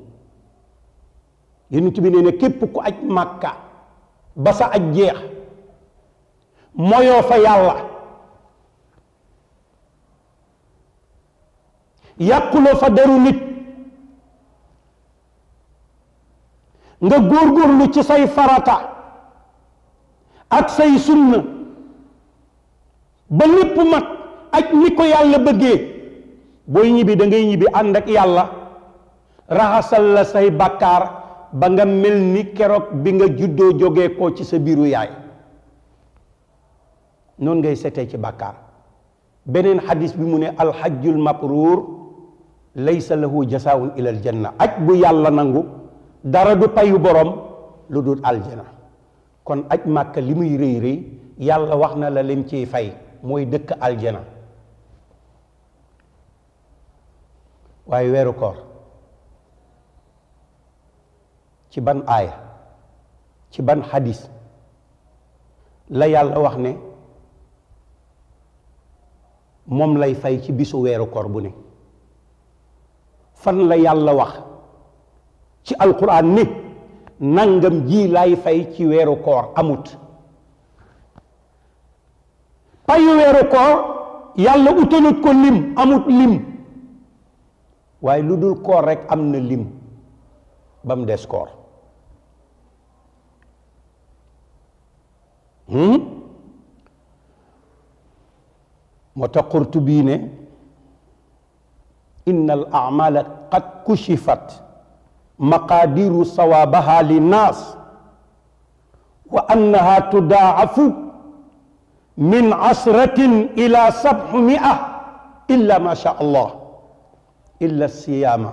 yonent bi nee na képp ku ak màkka ba sa aj jeex moyoo fa yàlla yàquloo fa deru nit nga góorgóorlu ci say farata ak say sunna ba lépp mat aj ni ko yàlla bëggee booy ñibbi da ngay ñibbi ànd ak yàlla raxasal la say bàkkaar ba nga mel ni keroog bi nga juddoo jóge ko ci sa biiru yaay noonu ngay setee ci bàkkaar beneen xadis bi mu ne alxajjul mabruur laysa lahu jasaawun ilal janna aj bu yàlla nangu dara du payu borom lu dul aljana kon aj màkka li muy rëy rëy yàlla wax na la lim ciy fay mooy dëkk aljana waaye weeru koor ci ban aya ci ban hadis la yalla wax ne mom lay fay ci bisu wéru kor bu ne fan la yalla wax ci alquran ne nangam ji lay fay ci wéru kor amut payu wéru kor yalla utenut ko lim amut lim waye lu kor rek am lim bam deskor des موتا قرطبي ان الاعمال قد كشفت مقادير صوابها للناس وانها تداعف من عشرة الى سبعمائة الا ما شاء الله الا الصيام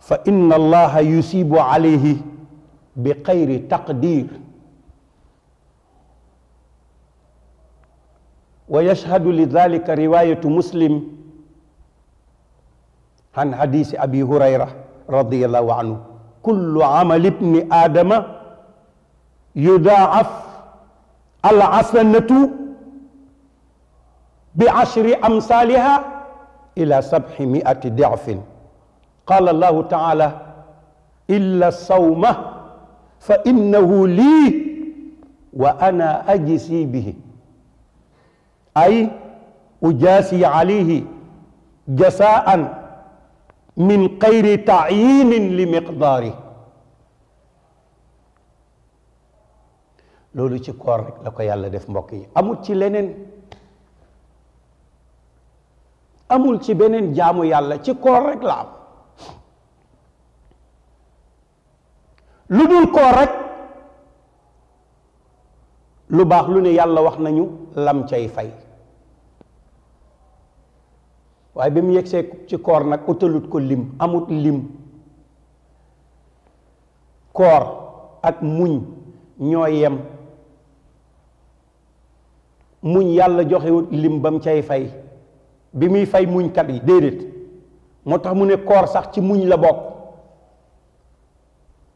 فان الله يصيب عليه بخير تقدير ويشهد لذلك رواية مسلم عن حديث أبي هريرة رضي الله عنه كل عمل ابن آدم يضاعف العسنة بعشر أمثالها إلى سبعمائة ضعف قال الله تعالى إلا الصوم فإنه لي وأنا أجسي به ay ujaasi alayhi jasaan min xayri taayinin li miqdaari loolu ci koor la ko yàlla def mbokk yi amul ci leneen amul ci beneen jaamu yàlla ci koor rek lu dul koor lu baax lu ne yàlla wax nañu lam cay fay waaye bi mu yegsee ci koor nag utalut ko lim amut lim koor ak muñ ñoo yem muñ yàlla joxewut lim ba mu cay fay bi muy fay muñkat yi déedéet moo tax mu ne koor sax ci muñ la bokk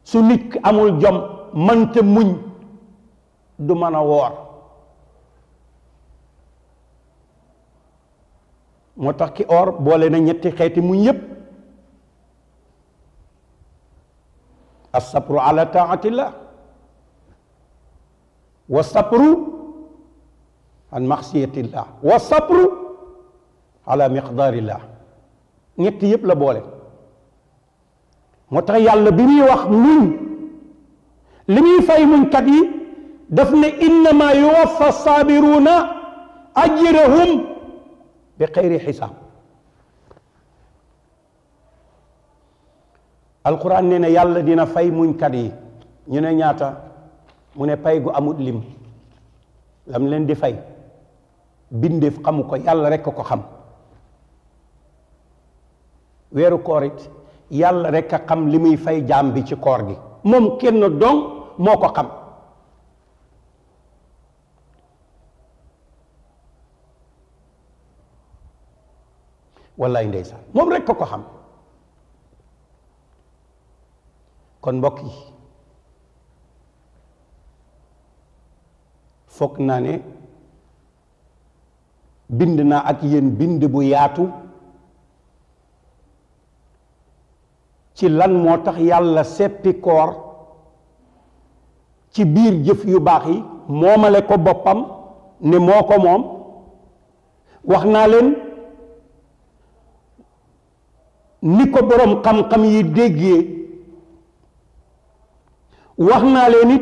su nit amul jom mënta muñ du mën a woor motax ki or bolé na ñetti xeeti ñëpp as-sabru ala ta'ati llah was sabru an makhsiyati llah was sabru ala miqdari llah ñetti yépp la bolé motax yàlla bi muy wax muñ li muy fay kat yi daf ne innama yuwaffa as-sabiruna ajrahum bi xayri xisaab alquran nee na yàlla dina fay muñkat yi ñu ne ñaata mu ne pay gu amut lim lam leen di fay bindeef xamu ko yàlla rekk ko xam weeru koor it yàlla rekk a xam fay jaam bi ci koor gi moom kenn doŋ moo ko xam wallaay ndeysaan moom rekk ko xam kon mbokk yi foog naa ne bind naa ak yéen bind bu yaatu ci lan moo tax yàlla seppi koor ci biir jëf yu baax yi moomale ko boppam ne moo ko moom wax naa leen ni ko boroom xam-xam yi déggee wax naa leen it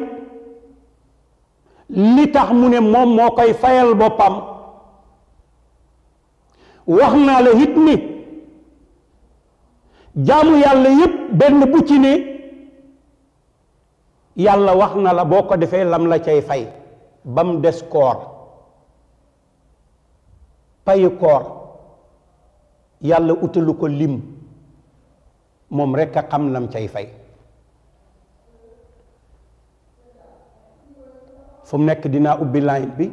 li tax mu ne moom moo koy fayal boppam wax naa la it ni jaamu yàlla yépp benn bu ci ne yàlla wax na la boo ko defee lam la cay fay ba mu des koor pay koor yàlla wutalu ko lim moom rekk a xam lam cay fay fu mu nekk dinaa ubbi line bi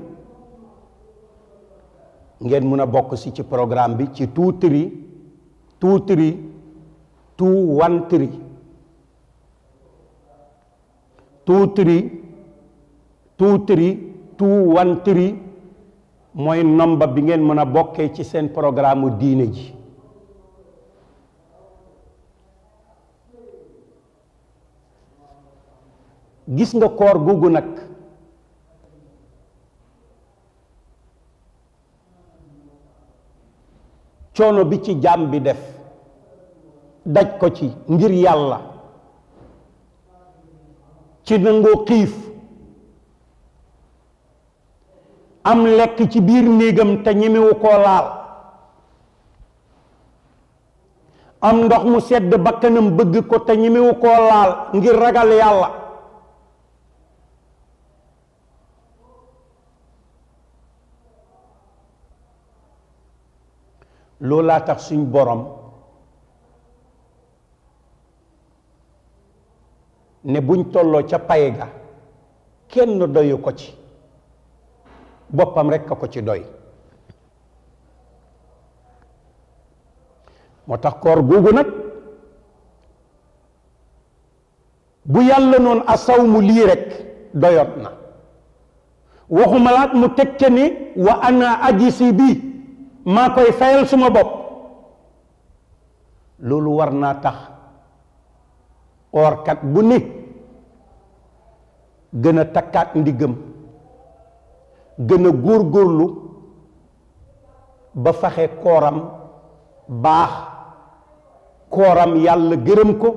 ngeen mun a bokk si ci programme bi ci two three two three two one three two three two one three mooy nomba bi ngeen mën a bokkee ci seen programme diine ji gis nga koor googu nag coono bi ci jaam bi def daj ko ci ngir yàlla ci nangoo xiif am lekk ci biir néegam te ñemewu koo laal am ndox mu sedd bakkanam bëgg ko te ñemewu koo laal ngir ragal yàlla laa tax suñ borom ne buñ tolloo ca paye ga kenn doyu ko ci boppam rekk a ko ci doy moo tax koor googu nag bu yàlla noonu asawmu lii rekk doyot na waxuma laat mu teg ca ni wa ana aji bii maa koy fayal suma bop lolu warna tax or kat bu ni gëna takkat takkaat gëna gor gorlu ba faxé koram bax koram yalla gërem ko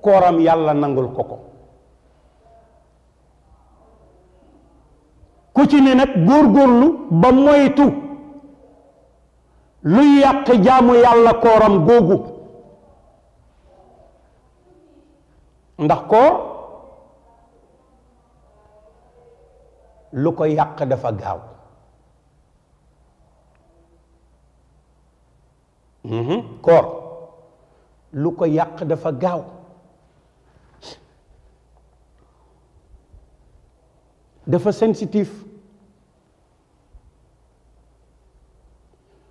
koram yalla nangul ko ko ku ci ne gor gorlu ba moytu luy yàq jaamu yàlla kooram googu ndax koor lu ko yàq dafa gaaw mhm. koor lu ko yàq dafa gaaw dafa sensitif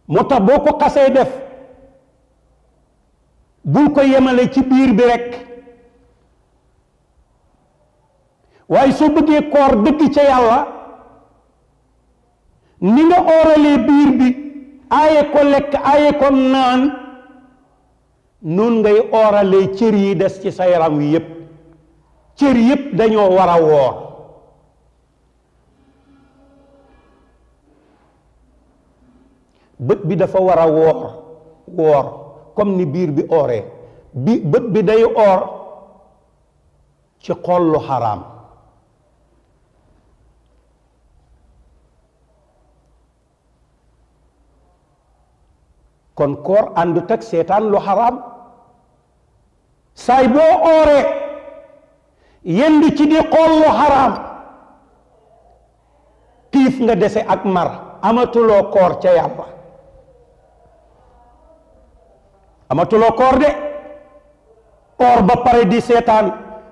moo tax boo ko xasee def bul ko yemalee ci biir bi rekk waaye soo bëggee koor dëkk ca yàlla ni nga ooralee biir bi aaye ko lekk aaye ko naan noon ngay ooralee cër yi des ci sa yaram wi yépp cër yépp dañoo war a woor bët bi dafa war a woor woor comme ni biir bi ooree bi bët bi day oor ci xool lu xaraam kon koor àndut ak seetaan lu xaraam saay boo ci di xool lu xaraam xiif nga dese ak mar amatuloo koor ca yàlla amatuloo koor de or ba pare di seetaan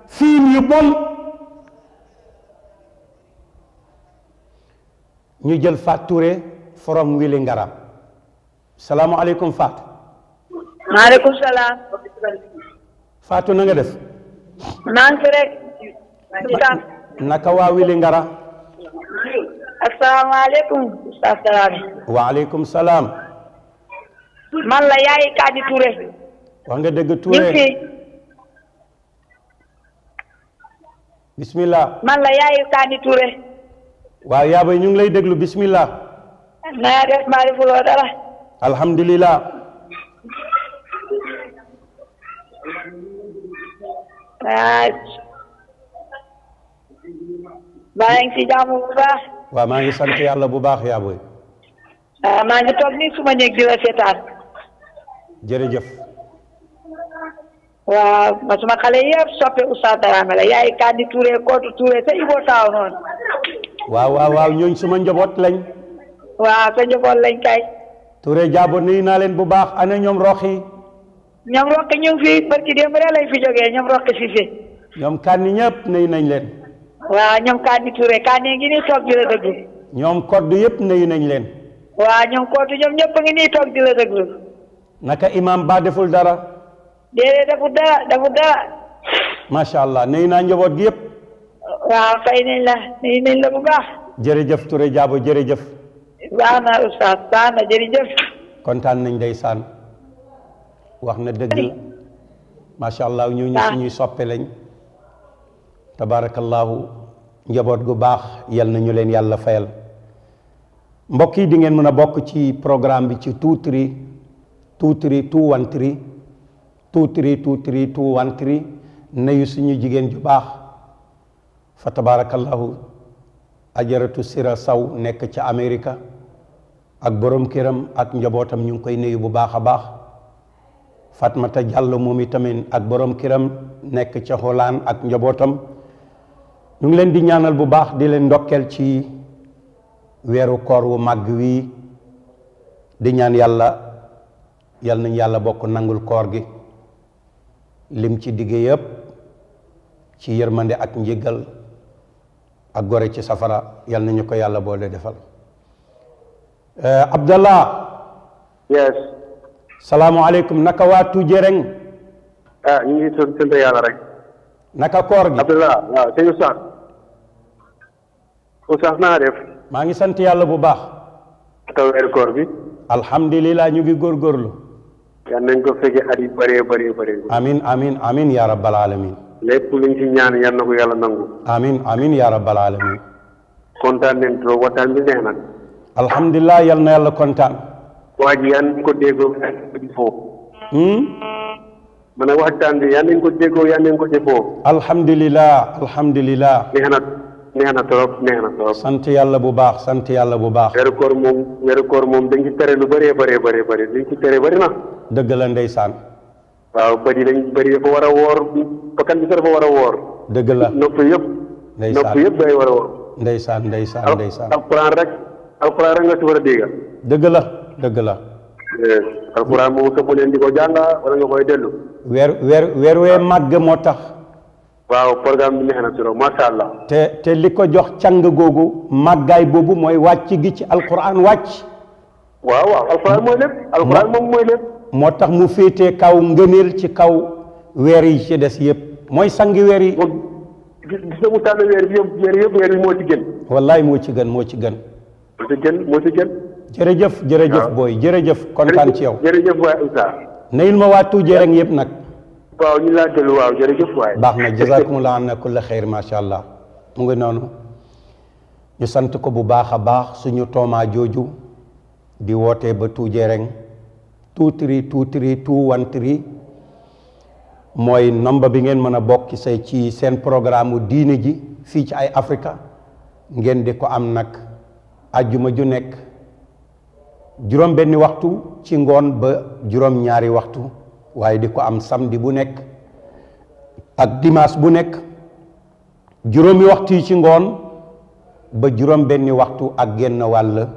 film yu bon ñu jël Fatou Touré forom wili ngaram salaamualeykum Fatou. maaleykum salaam. Fatou na nga def. maa ngi fi rek. naka waa wili ngara. asalaamaaleykum. salaam. man la yaay Kadi Touré. wax nga dëgg Touré ñu bismillah. man la yaay Kadi Touré. waaw yaa bay ñu ngi lay déglu bismillah. naa def maa defuloo dara. alhamdulilah. maa ngi ci jàmm bu baax. waaw maa ngi sant yàlla bu baax yaa bay. maa ngi toog nii su néeg di la seetaan. jërëjëf waaw ma suma xale yëpp soppe Oustaz Dramé la yaay Kandi Touré kootu Touré sa Ibo Taaw noonu waaw waaw waaw ñooñ suma njaboot lañ waaw sa njaboot lañ kay Touré Jaabo nuyu naa leen bu baax ana ñoom roxi ñoom roxi ñu fi barki dem rek lay fi jógee ñoom roxi fi fi ñoom Kandi ñëpp nuyu nañ leen waaw ñoom Kandi Touré Kandi ngi nii toog di la déglu ñoom kodd yëpp nuyu nañ leen waaw ñoom kodd ñoom ñëpp ngi ni toog di la déglu naka imam ba deful dara dede deful dara deful dara macha allah nuyu naa gi yëpp wa fay la neena la bu jere jef Touré Diabo jërëjëf baax na oustad baax na jef kontan nañ ndeysaan wax na dëgg la allah ñëw ñu suñuy soppé lañ tabarakallah njobot gu bax yal na ñu leen yalla fayal mbokk yi di ngeen mëna bok ci programme bi ci tuutri 23213 2323213 nayu suñu jigéen ju baax fa ajaratu sira saw nekk ca Amérique ak borom këram ak njabootam ñu ngi koy nuyu bu baax a baax Fatmata Diallo moom tamit ak borom këram nekk ca Hollande ak njabootam ñu ngi leen di ñaanal bu baax di leen ndokkeel ci weeru koor wu màgg wi di ñaan yàlla yal nañ yàlla bokk nangul koor gi lim ci digg yépp ci yërmande ak njëggal ak gore ci safara yal nañu ko yàlla boole defal eh, Abdallah yes salaamualeykum naka waa Tujereng ah, naka koor gi Abdallah naa maa ngi sant yàlla bu baax taw weer bi alhamdulilah ñu ngi góorgóorlu yal nañ ko fekkee at yu bëree bëree bëri. amin amin amin yaa rabbal alamin. lépp luñ ci ñaan yal ko yàlla nangu. amin amin yaa rabbal alamin. kontaan nañ trop waxtaan bi neex na. alhamdulilah yal na yàlla kontaan. waa ji yaa nañ ko déggoo yaa nañ ko hmm? ko déggoo yaa nañ neex na. neex na trop neex na trop. bu baax sant yàlla bu baax. weeru koor moom weeru koor moom dañ ci tere lu bëree bëree dañ ci na. la waaw dañ war a woor bakkan war a woor. dëgg la nopp yëpp. ndeysaan nopp yëpp day war alquran rek alquran rek nga ci la la. Eh, alquran di ko wala nga koy waaw programme bi neex na trop macha allah. te te li ko jox càng googu màggaay boobu mooy wàcc gi ci alquran wàcc. waaw waaw alquran mooy lépp. moo tax mu féetee kaw ngëneel ci kaw weer yi ci des yëpp mooy sangi weer yi. gis gis moo ci gën. wallaay moo ci gën moo ci gën. moo ci ci jërëjëf jërëjëf booy jërëjëf kontaan ci yow. jërëjëf ma waa Tuujereñ yëpp nag. waaw ñu laa dellu waaw jërëjëf waay. baax na jazakumullah an kulla xeyr allah mu ngi noonu ñu sant ko bu baax a baax suñu toomaa jooju di wootee ba Tuujereng two three two three mooy nomba bi ngeen mën a bokk say ci seen programme diine ji fii ci ay Africa ngeen di ko am nag ajjuma ju nekk juróom benni waxtu ci ngoon ba juróom ñaari waxtu waye di am samedi bu nek ak dimanche bu nek juromi waxti ci ngone ba jurom benni waxtu ak genn wal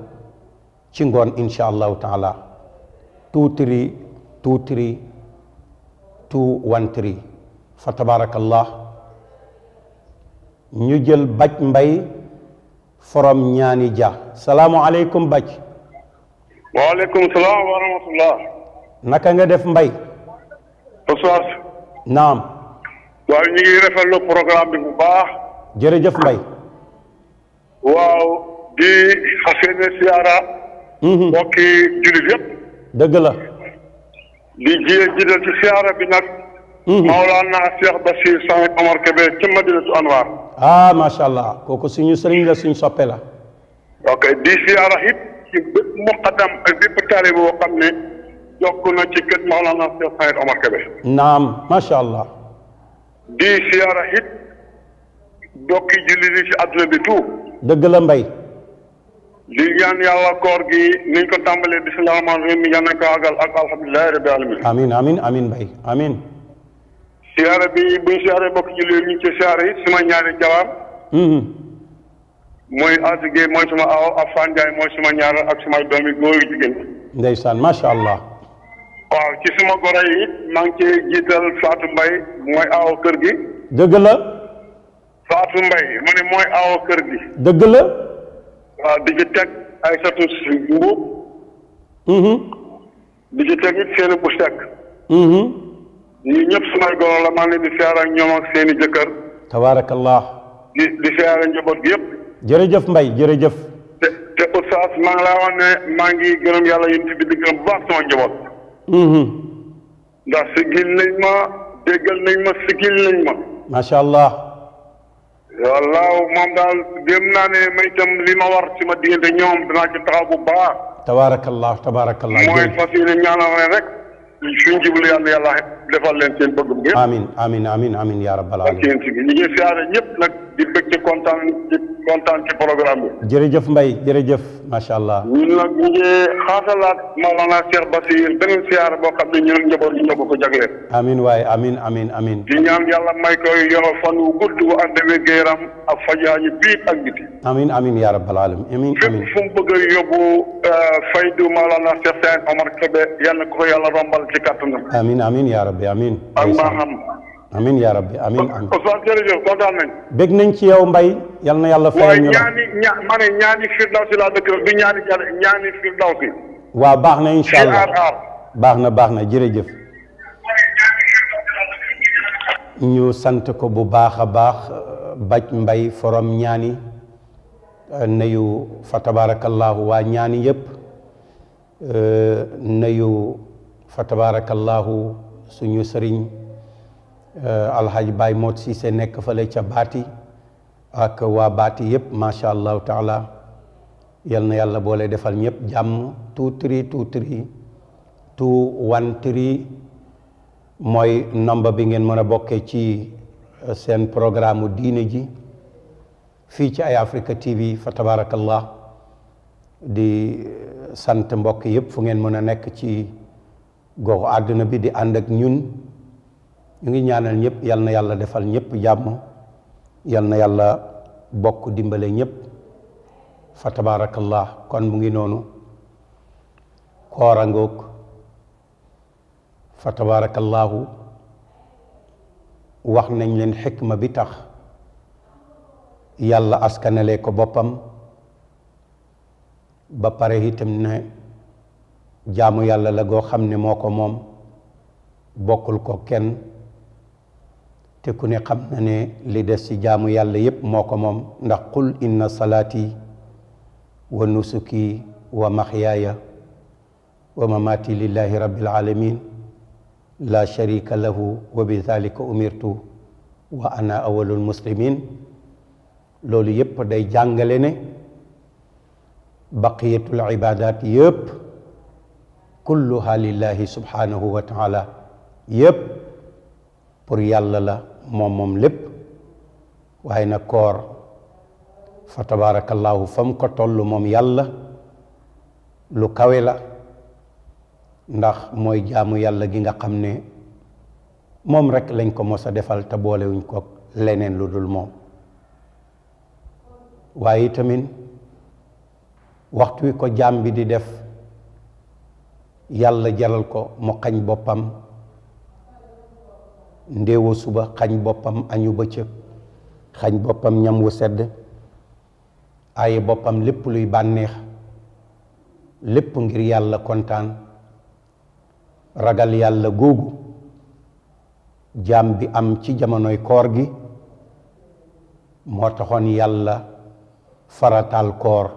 ci ngone inshallah taala two three two three two one three fa tabarakallah ñu jël bac mbay forom ñani ja bac wa alaykum salam wa rahmatullah naka nga def mbay Oustaz. naam. waaw ñu ngi rafetlu programme bi bu baax. jërëjëf Mbaye. waaw di xaseene siara, mhm. mbokki jullit yëpp. dëgg la. di jiyee jiital ci siyaara bi nag. Mhm. Maolana Cheikh Bassir Sang Omar Kébé ci Madinatu Anwar. ah macha allah kooku suñu sëriñ la suñu soppe la. ok di siara it ci bépp muqaddam ak bépp taalibe boo xam ne. يكون تكت مولانا سي خير عمر كبير Nam. ما شاء الله دي سيارة هيت dokki julli ni ci àdduna bi tout. dëgg la di ñaan yàlla koor gi ni ñu ko tàmbalee bisimilah rahmaan rahim yal nañ ko àggal ak alhamdulilah rabbi alamin. amiin amiin Amin mbay amin siyaare bi bu ñu siyaaree bokk julli ñu ci siyaare yi suma ñaari jabar. mooy Asi Gueye mooy suma aw Afan Ndiaye mooy suma ñaar ak sumay doomi góor yu jigéen. ndeysaan allah. waaw ci suma goro yi it maa ngi cee jiital Fatou mbay mooy aawo kër gi. dëgg la. Fatou Mbaye mu ne mooy aawo kër gi. dëgg la. waaw di ci teg ay satu mbu. di ci teg it seen bu sekk. Mm-hmm. ñii ñëpp sumay goro la maa ngi leen di siyaar ak ñoom ak seen i jëkkër. tabaarakallah. di di siyaare njaboot gi yëpp. jërëjëf Mbaye jërëjëf. te te Oustaz maa ngi laa wax ne maa ngi gërëm yàlla yéen bi di gërëm bu baax sama njaboot. Mm-hmm. ndax sigil nañ ma déggal nañ ma sigil nañ ma. macha allah. wallaahu moom daal gëm naa ne may itam li ma war ci ma diggante ñoom dinaa ci taxaw bu baax. tabaarakallah tabaarakallah. mooy fas yéene ñaanal rek suñ jublu yàlla yàlla defal leen seen bëgg bu amiin amiin amiin amiin yaa rabbal aalamiin ak seen sigi ñu ngi siyaare ñëpp nag di bëgg ci kontaan ci kontaan ci programme bi. jërëjëf Mbaye jërëjëf macha allah. nag ñu ngi xaasalaat Maolana Cheikh Basir beneen siyaare boo xam ne ñun njaboot yi ñoo ko waaye amiin amiin may koy yoro wu gudd wu ànd ak géeram ak fajaaji biir ak biti. amiin amiin yaa rabbal aalamiin amiin amiin fu mu bëgg a yóbbu euh, faydu Maolana Cheikh Sène Omar Kébé ko ko rombal ci kàttanam. amiin amiin yaa rabbal ربي امين اللهم امين يا ربي امين امين أمين جيرجو كونتان أمين أمين أمين أمين أمين أمين أمين أمين أمين أمين ماني نياني فيرداوس لا دك دي نياني نياني فيرداوس وا باخنا ان شاء الله باخنا باخنا جيرجيف ñu sant ko bu baaxa baax baj mbay forom ñaani nayu fa tabarakallah wa ñaani yep euh nayu fa tabarakallah suñu sëriñ eh, alhaj bay mot si nek fa lé ca baati ak wa baati yépp sha allahu taala yal na yalla boole defal ñépp jamm two three two three two one three moy nomba bi ngeen mëna bokké ci eh, sen programme diiné ji fi ci ay Africa TV fa tabarakallah di eh, sante mbokk yépp fu ngeen mëna nek ci googu aduna bi di and ak ñun ñu ngi ñaanal ñëpp yal na defal ñëpp jamm yal na yàlla bokk dimbale ñëpp fa tabarakallah kon mu ngi nonu korangok fa tabarakallah wax nañ leen hikma bi tax yalla askanale ko bopam ba pare itam ne jaamu yàlla la goo xam ne moo ko moom bokkul ko kenn te ku ne xam na ne li des ci jaamu yàlla yépp moo ko moom ndax qul inna salaati wa nusuki wa maxyaaya wa mamaati lillahi rabbil alamin la sharika lahu wa bi dhalika umirtu wa ana awalul muslimin loolu yépp day jàngale ne baqiyatul ibadat yépp kulluha lillahi subhanahu wa taala yépp pour yàlla la moom moom lépp waaye nag koor fa tabaarakallaahu fa mu ko toll moom yàlla lu kawe la ndax mooy jaamu yàlla gi nga xam ne moom rekk lañ ko mos a defal te boolewuñ ko leneen lu dul moom waaye tamit waxtu wi ko jaam bi di def yàlla jalal ko mu xañ boppam ndéewa suba xañ boppam añu bëccëg xañ boppam ñam wu sedd aaye boppam lépp luy bànneex lépp ngir yàlla kontaan ragal yàlla googu jaam bi am ci jamonoy koor gi moo taxoon yàlla faratal koor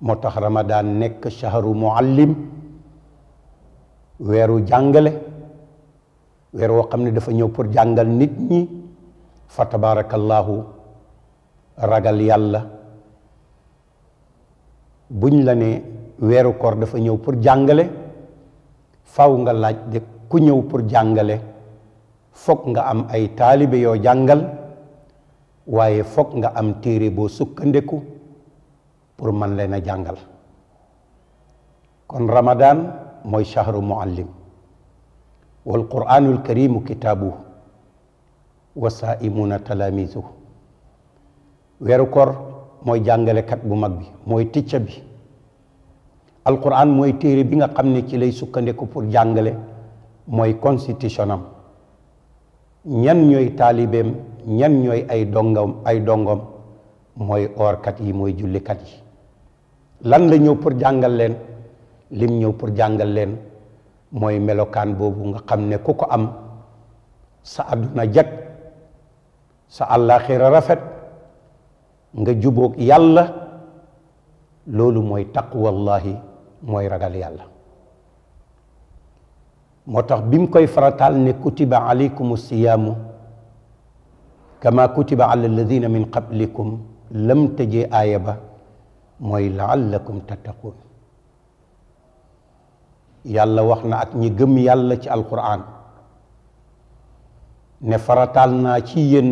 moo tax ramadaan nekk shahru muallim weeru jàngale weer woo xam ne dafa ñëw pour jàngal nit ñi fa tabarakallahu ragal yàlla buñ la ne weeru koor dafa ñëw pour jàngale faw nga laaj de ku ñëw pour jàngale fokk nga am ay taalibe yoo jàngal waaye fokk nga am téere boo sukkandeku pour man leena jàngal kon ramadan moy shahru muallim wal qur'anul karim kitabu wa saimuna talamizu weeru kor moy jangale kat bu mag bi moy ticca bi al qur'an moy tere bi nga xamne ci lay ko pour jàngale moy constitutionam ñan ñoy talibem ñan ñoy ay dongam ay dongam moy or kat yi moy julli kat yi lan la ñëw pour jàngal leen lim ñëw pour jàngal leen moy melokan bobu nga xamne kuko am sa aduna jag sa alakhir rafet nga jubok yàlla loolu mooy taqwallahi moy ragal yàlla motax bim koy faratal ne kutiba alaykumus siyam kama kutiba alal ladina min qablikum lam tëjee ayaba ba mooy laallakum tattaqun yàlla wax na ak ñi gëm yàlla ci alquran ne farataal naa ci yéen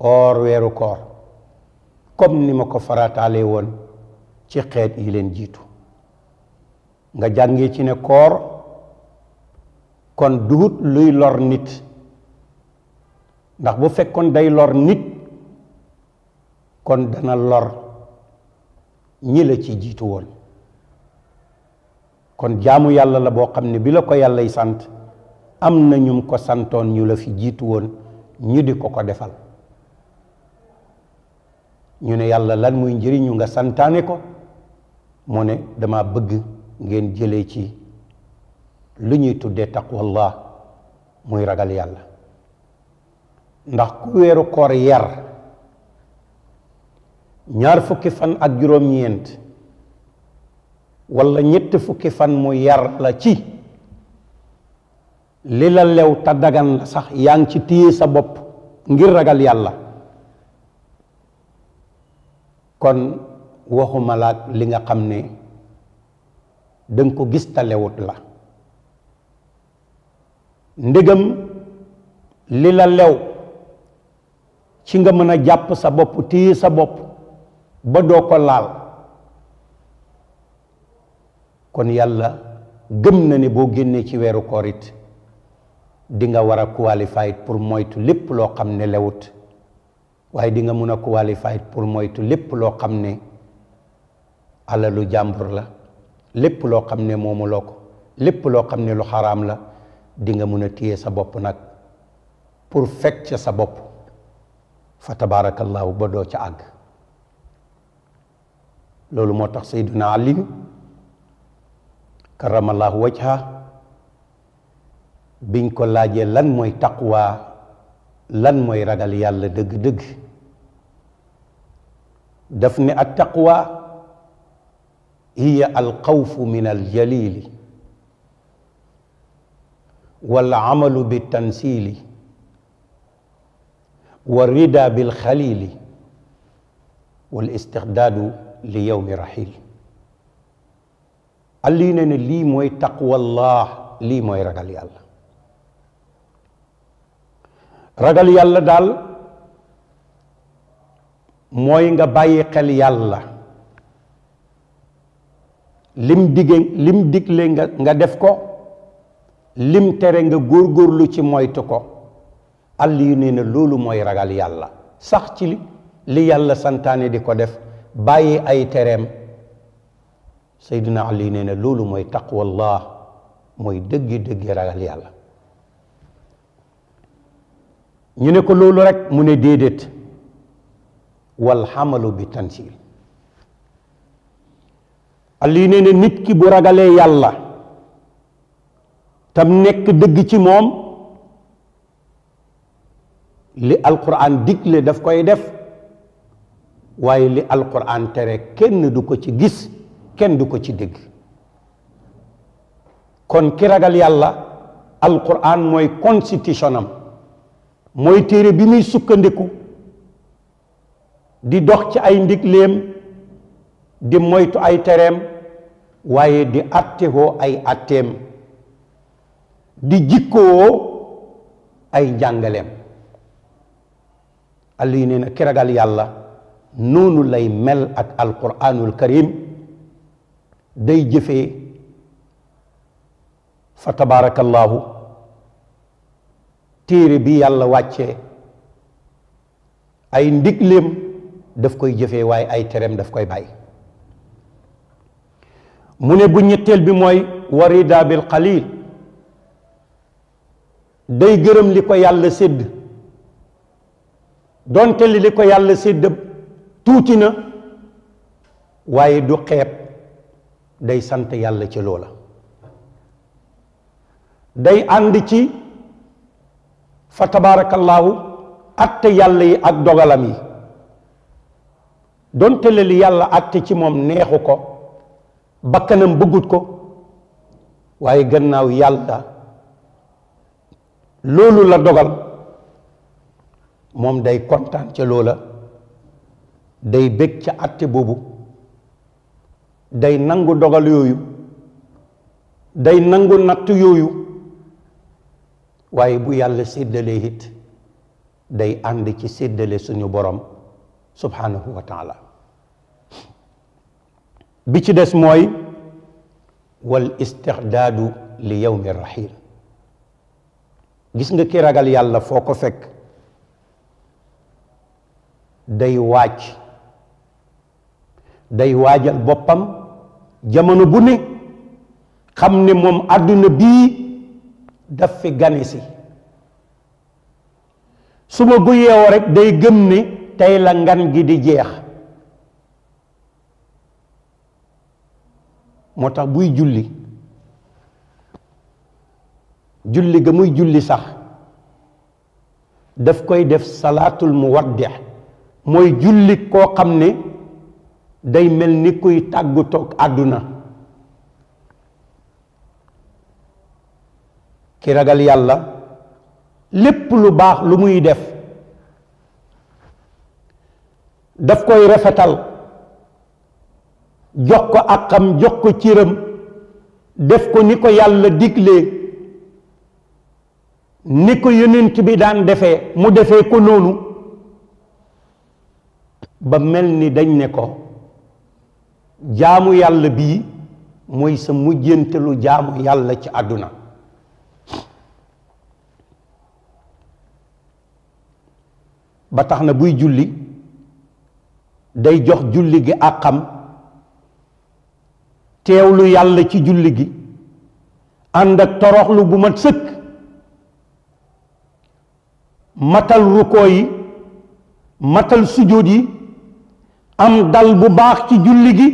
oor weeru koor comme ni ma ko farataalee woon ci xeet yi leen jiitu nga jàngee ci ne koor kon duhut luy lor nit ndax bu fekkoon day lor nit kon dana lor ñi la ci jiitu woon kon jaamu yàlla la boo xam ne bi la ko yàllay sant am na ñum ko santoon ñu la fi jiitu woon ñu di ko ko defal ñu ne yàlla lan muy njëriñu nga santaane ko mu ne dama bëgg ngeen jëlee ci lu ñuy tuddee taqwallah muy ragal yàlla ndax ku weeru koor yar ñaar fukki fan ak juroom ñeent wala ñett fukki fan mu yar la ci li la lew ta dagan la sax yaa ngi ci téye sa bopp ngir ragal yàlla kon waxuma laak li nga xam ne danga ko gis ta lewut la ndegam li la lew ci nga mën a jàpp sa bopp téye sa bopp ba doo ko laal kon yàlla gëm na ni boo génnee ci weeru koor it di nga war a qualifié pour moytu lépp loo xam ne lewut waaye dinga nga mun a qualifié pour moytu lépp loo xam ne alalu jàmbur la lépp loo xam ne moomuloo ko lépp loo xam ne lu xaraam la dinga nga mun a téye sa bopp nag pour fekk ca sa bopp fa tabaarakallaahu ba doo ca àgg لولو موتاخ سيدنا علي كرم الله وجهه بين كو لاجي لان موي تقوى لان موي راغال يالا دغ دغ دفني التقوى هي الخوف من الجليل والعمل بالتنسيل والرضا بالخليل والاستخداد li ليوم رحيل alli ne ne lii mooy taqwallah lii mooy ragal yàlla ragal yàlla daal mooy nga bàyyi xel yàlla lim dige lim digle nga nga def ko lim tere nga góor góorgóorlu ci moytu ko alli ne ne loolu mooy ragal yàlla sax ci li yàlla santaane di ko def bàyyi ay tereem Seydina Ali nee na loolu mooy taqwallah mooy dëggi-dëggi ragal yàlla ñu ne ko loolu rek mu ne déedéet wal xamalu bi tansil Ali nit ki bu ragalee yàlla tam nekk dëgg ci moom li alquran digle daf koy def waaye li alquran tere kenn du ko ci gis kenn du ko ci dégg kon ki ragal yàlla alquran mooy constitution mooy téere bi muy sukkandiku di dox ci ay ndigleem di moytu ay tereem waaye di attewoo ay atteem di jikkowoo ay njàngaleem alli nee na ki ragal yàlla noonu lay mel ak alquranul karim day jëfe fa tabaarakallaahu téere bi yàlla wàcce ay ndigleem daf koy jëfee waaye ay tereem daf koy bàyyi mu ne bu ñetteel bi mooy warida bil xalil day gërëm li ko yàlla sédd donte li li ko yàlla sedd tuuti na waaye du xeeb day sant yàlla ci loola day ànd ci fa tabaarakallaahu atte yàlla yi ak dogalam yi donte la li yàlla atte ci moom neexu ko bakkanam bëggut ko waaye gannaaw yàlla loolu la dogal moom day kontaan ca loola day bég ca àtte boobu day nangu dogal yooyu day nangu natt yooyu waaye bu yàlla séddalee it day ànd ci seddale suñu borom subhanahu wa taala bi ci des mooy wal istixdaadu li yawmi rahil gis nga ki ragal yàlla foo ko fekk day wàcc day wajal Bopam jamono bu ne xamne mom aduna bi bii daf fi gane si suba bu yeewoo rek day gem ne tay la ngan gi di jeex motax buy julli julli ga muy julli sax daf koy def salatul muwaddi moy julli ko xamne day mel ni kuy tàggutoog àdduna ki ragal yàlla lépp lu baax lu muy def daf koy rafetal jox ko àqam jox ko ciram def ko ni ko yàlla diglee ni ko yonent bi daan defee mu defee ko noonu ba mel ni dañ ne ko jaamu yàlla bii mooy sa mujjantelu jaamu yàlla ci àdduna ba tax na buy julli day jox julli gi àqam teewlu yàlla ci julli gi ànd ak toroxlu bu mat sëkk matal rukkoo yi matal sujjóot yi am dal bu baax ci julli gi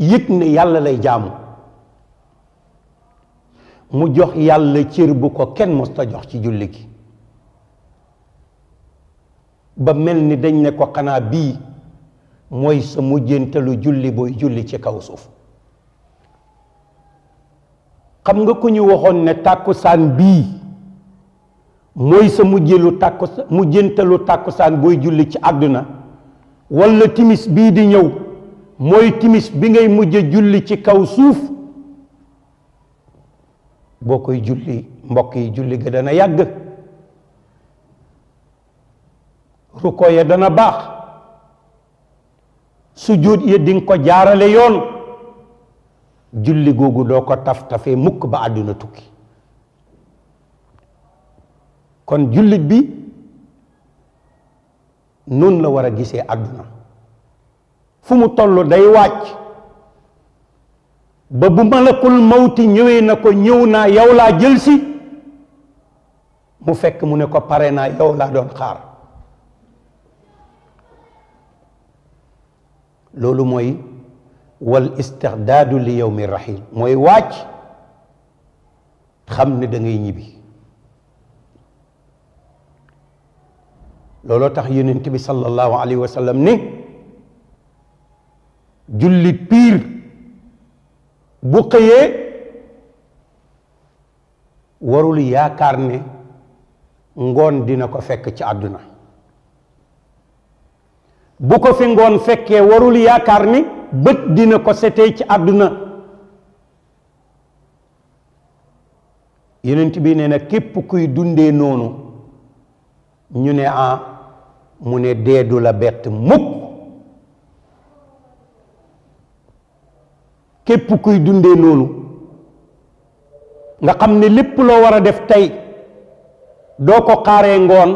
yëg ne yàlla lay jaamu mu jox yàlla cër bu ko kenn mosta jox ci julli gi ba mel ni dañ ne ko xanaa bii mooy sa mujjéntalu julli booy julli ci kaw suuf xam nga ku ñu waxoon ne tàkkusaan bii mooy sa mujjelu tàkku mujjéntalu tàkkusaan booy julli ci àdduna walla timis bii di ñëw mooy timis bi ngay mujj julli ci kaw suuf boo koy julli mbokk yi julli ga dana yàgg ruko ya dana baax sujjóot ya dinga ko jaarale yoon julli googu doo ko taf tafee mukk ba àdduna tukki kon jullit bi noonu la war a gisee àdduna fu mu tollu day wacc ba bu malakul mawti ñewé na ko ñëw naa yow laa jël ci mu fekk mu ne ko paré na yow la doon xaar lolu moy wal istixdaadu li yawmi rahil moy wacc xamne ne da ngay ñibi looloo tax yonent sallallahu alaihi wasallam ni jullit piir bu xëyee warul yaakaar ne ngoon dina ko fekk ci àdduna bu ko fi ngoon fekkee warul yaakaar ni bët dina ko setee ci àdduna yenent bi nee na képp kuy dundee noonu ñu ne a ah mu ne deedu la bett mukk képp kuy dundee loolu nga xam ne lépp loo war a def tey doo ko xaaree ngoon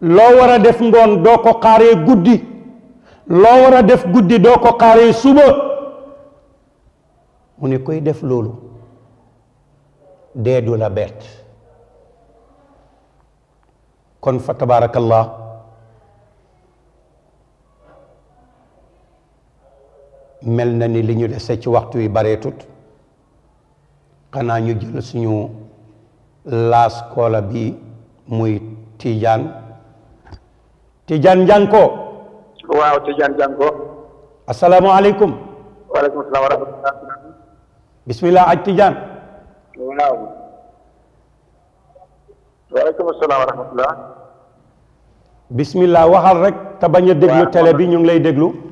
loo war a def ngoon doo ko xaaree guddi loo war a def guddi doo ko xaaree suba mu ne koy def loolu dee du la bett kon fa tabarakallah mel na ni liñu ñu ci waxtu wi tut xana ñu jël suñu laas koola bi muy Tijaan Tijaan janko waaw assalamu alaykum wa alaykum assalam wa rahmatullah bismillah aj tijan. waaw alaykum assalam wa rahmatullah bismillah waxal rek ta baña deglu télé bi ñu ngi lay deglu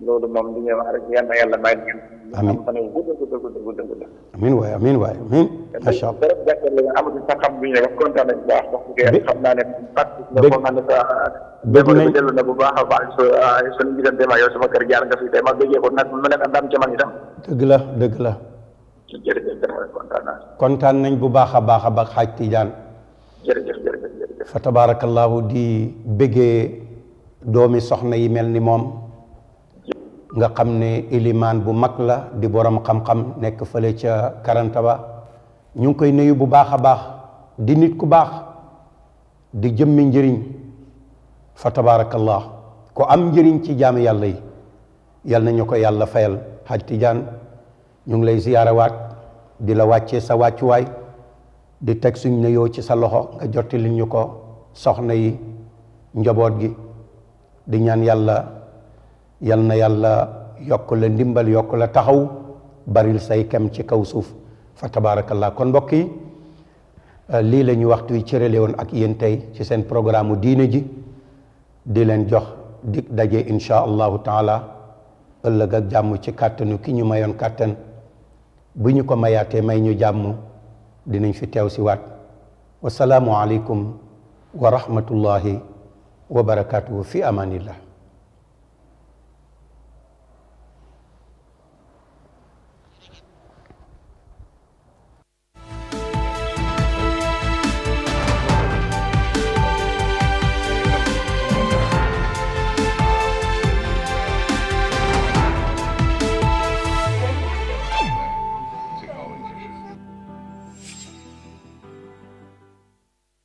loolu moom du ñu rek yàlla yàlla bàyyi amiin am fan gudd gudd gudd gudd gudd amiin waay amiin waay amiin macha allah dara jàppale nga amatu sa xam bu ñu wax kontaan nañ bu baax wax dëgg xam naa ne pratique nga ko xam sa dégg nañ dellu na bu baax a baax su suñu diggante yow sama kër jaar nga fi tey ma bëggee ko nag mu nekk ndam ci man itam dëgg la dëgg la kontaan nañ bu baax a baax a baax xaaj fa di bëggee doomi soxna yi mel ni moom nga xam ne ilimaan bu mag la di borom xam-xam nekk fële ca ba ñu ngi koy nuyu bu baax a baax di nit ku baax di jëmmi njëriñ fa tabaarakallah ko am njëriñ ci jaami yàlla yi yal na ñu ko yàlla fayal xaj ñu ngi lay ziyaarawaat di la wàcce sa wàccuwaay di teg suñ nuyoo ci sa loxo nga jottali ñu ko soxna yi njaboot gi di ñaan yàlla yal na yàlla yokk la ndimbal yokk la taxaw baril say kem ci kaw suuf fa tabaarakallaa kon mbokk yi euh, lii la ñu waxtu yi cërale ak yéen tey ci seen programme diine ji di leen jox dig daje insha allahu taala ëllëg ak jàmm ci kàttanu ki ñu mayoon kàttan bu ñu ko mayaatee may ñu jàmm dinañ fi teew si waat wasalaamu aleykum wa rahmatullahi wa barakaatuhu fi amaanillah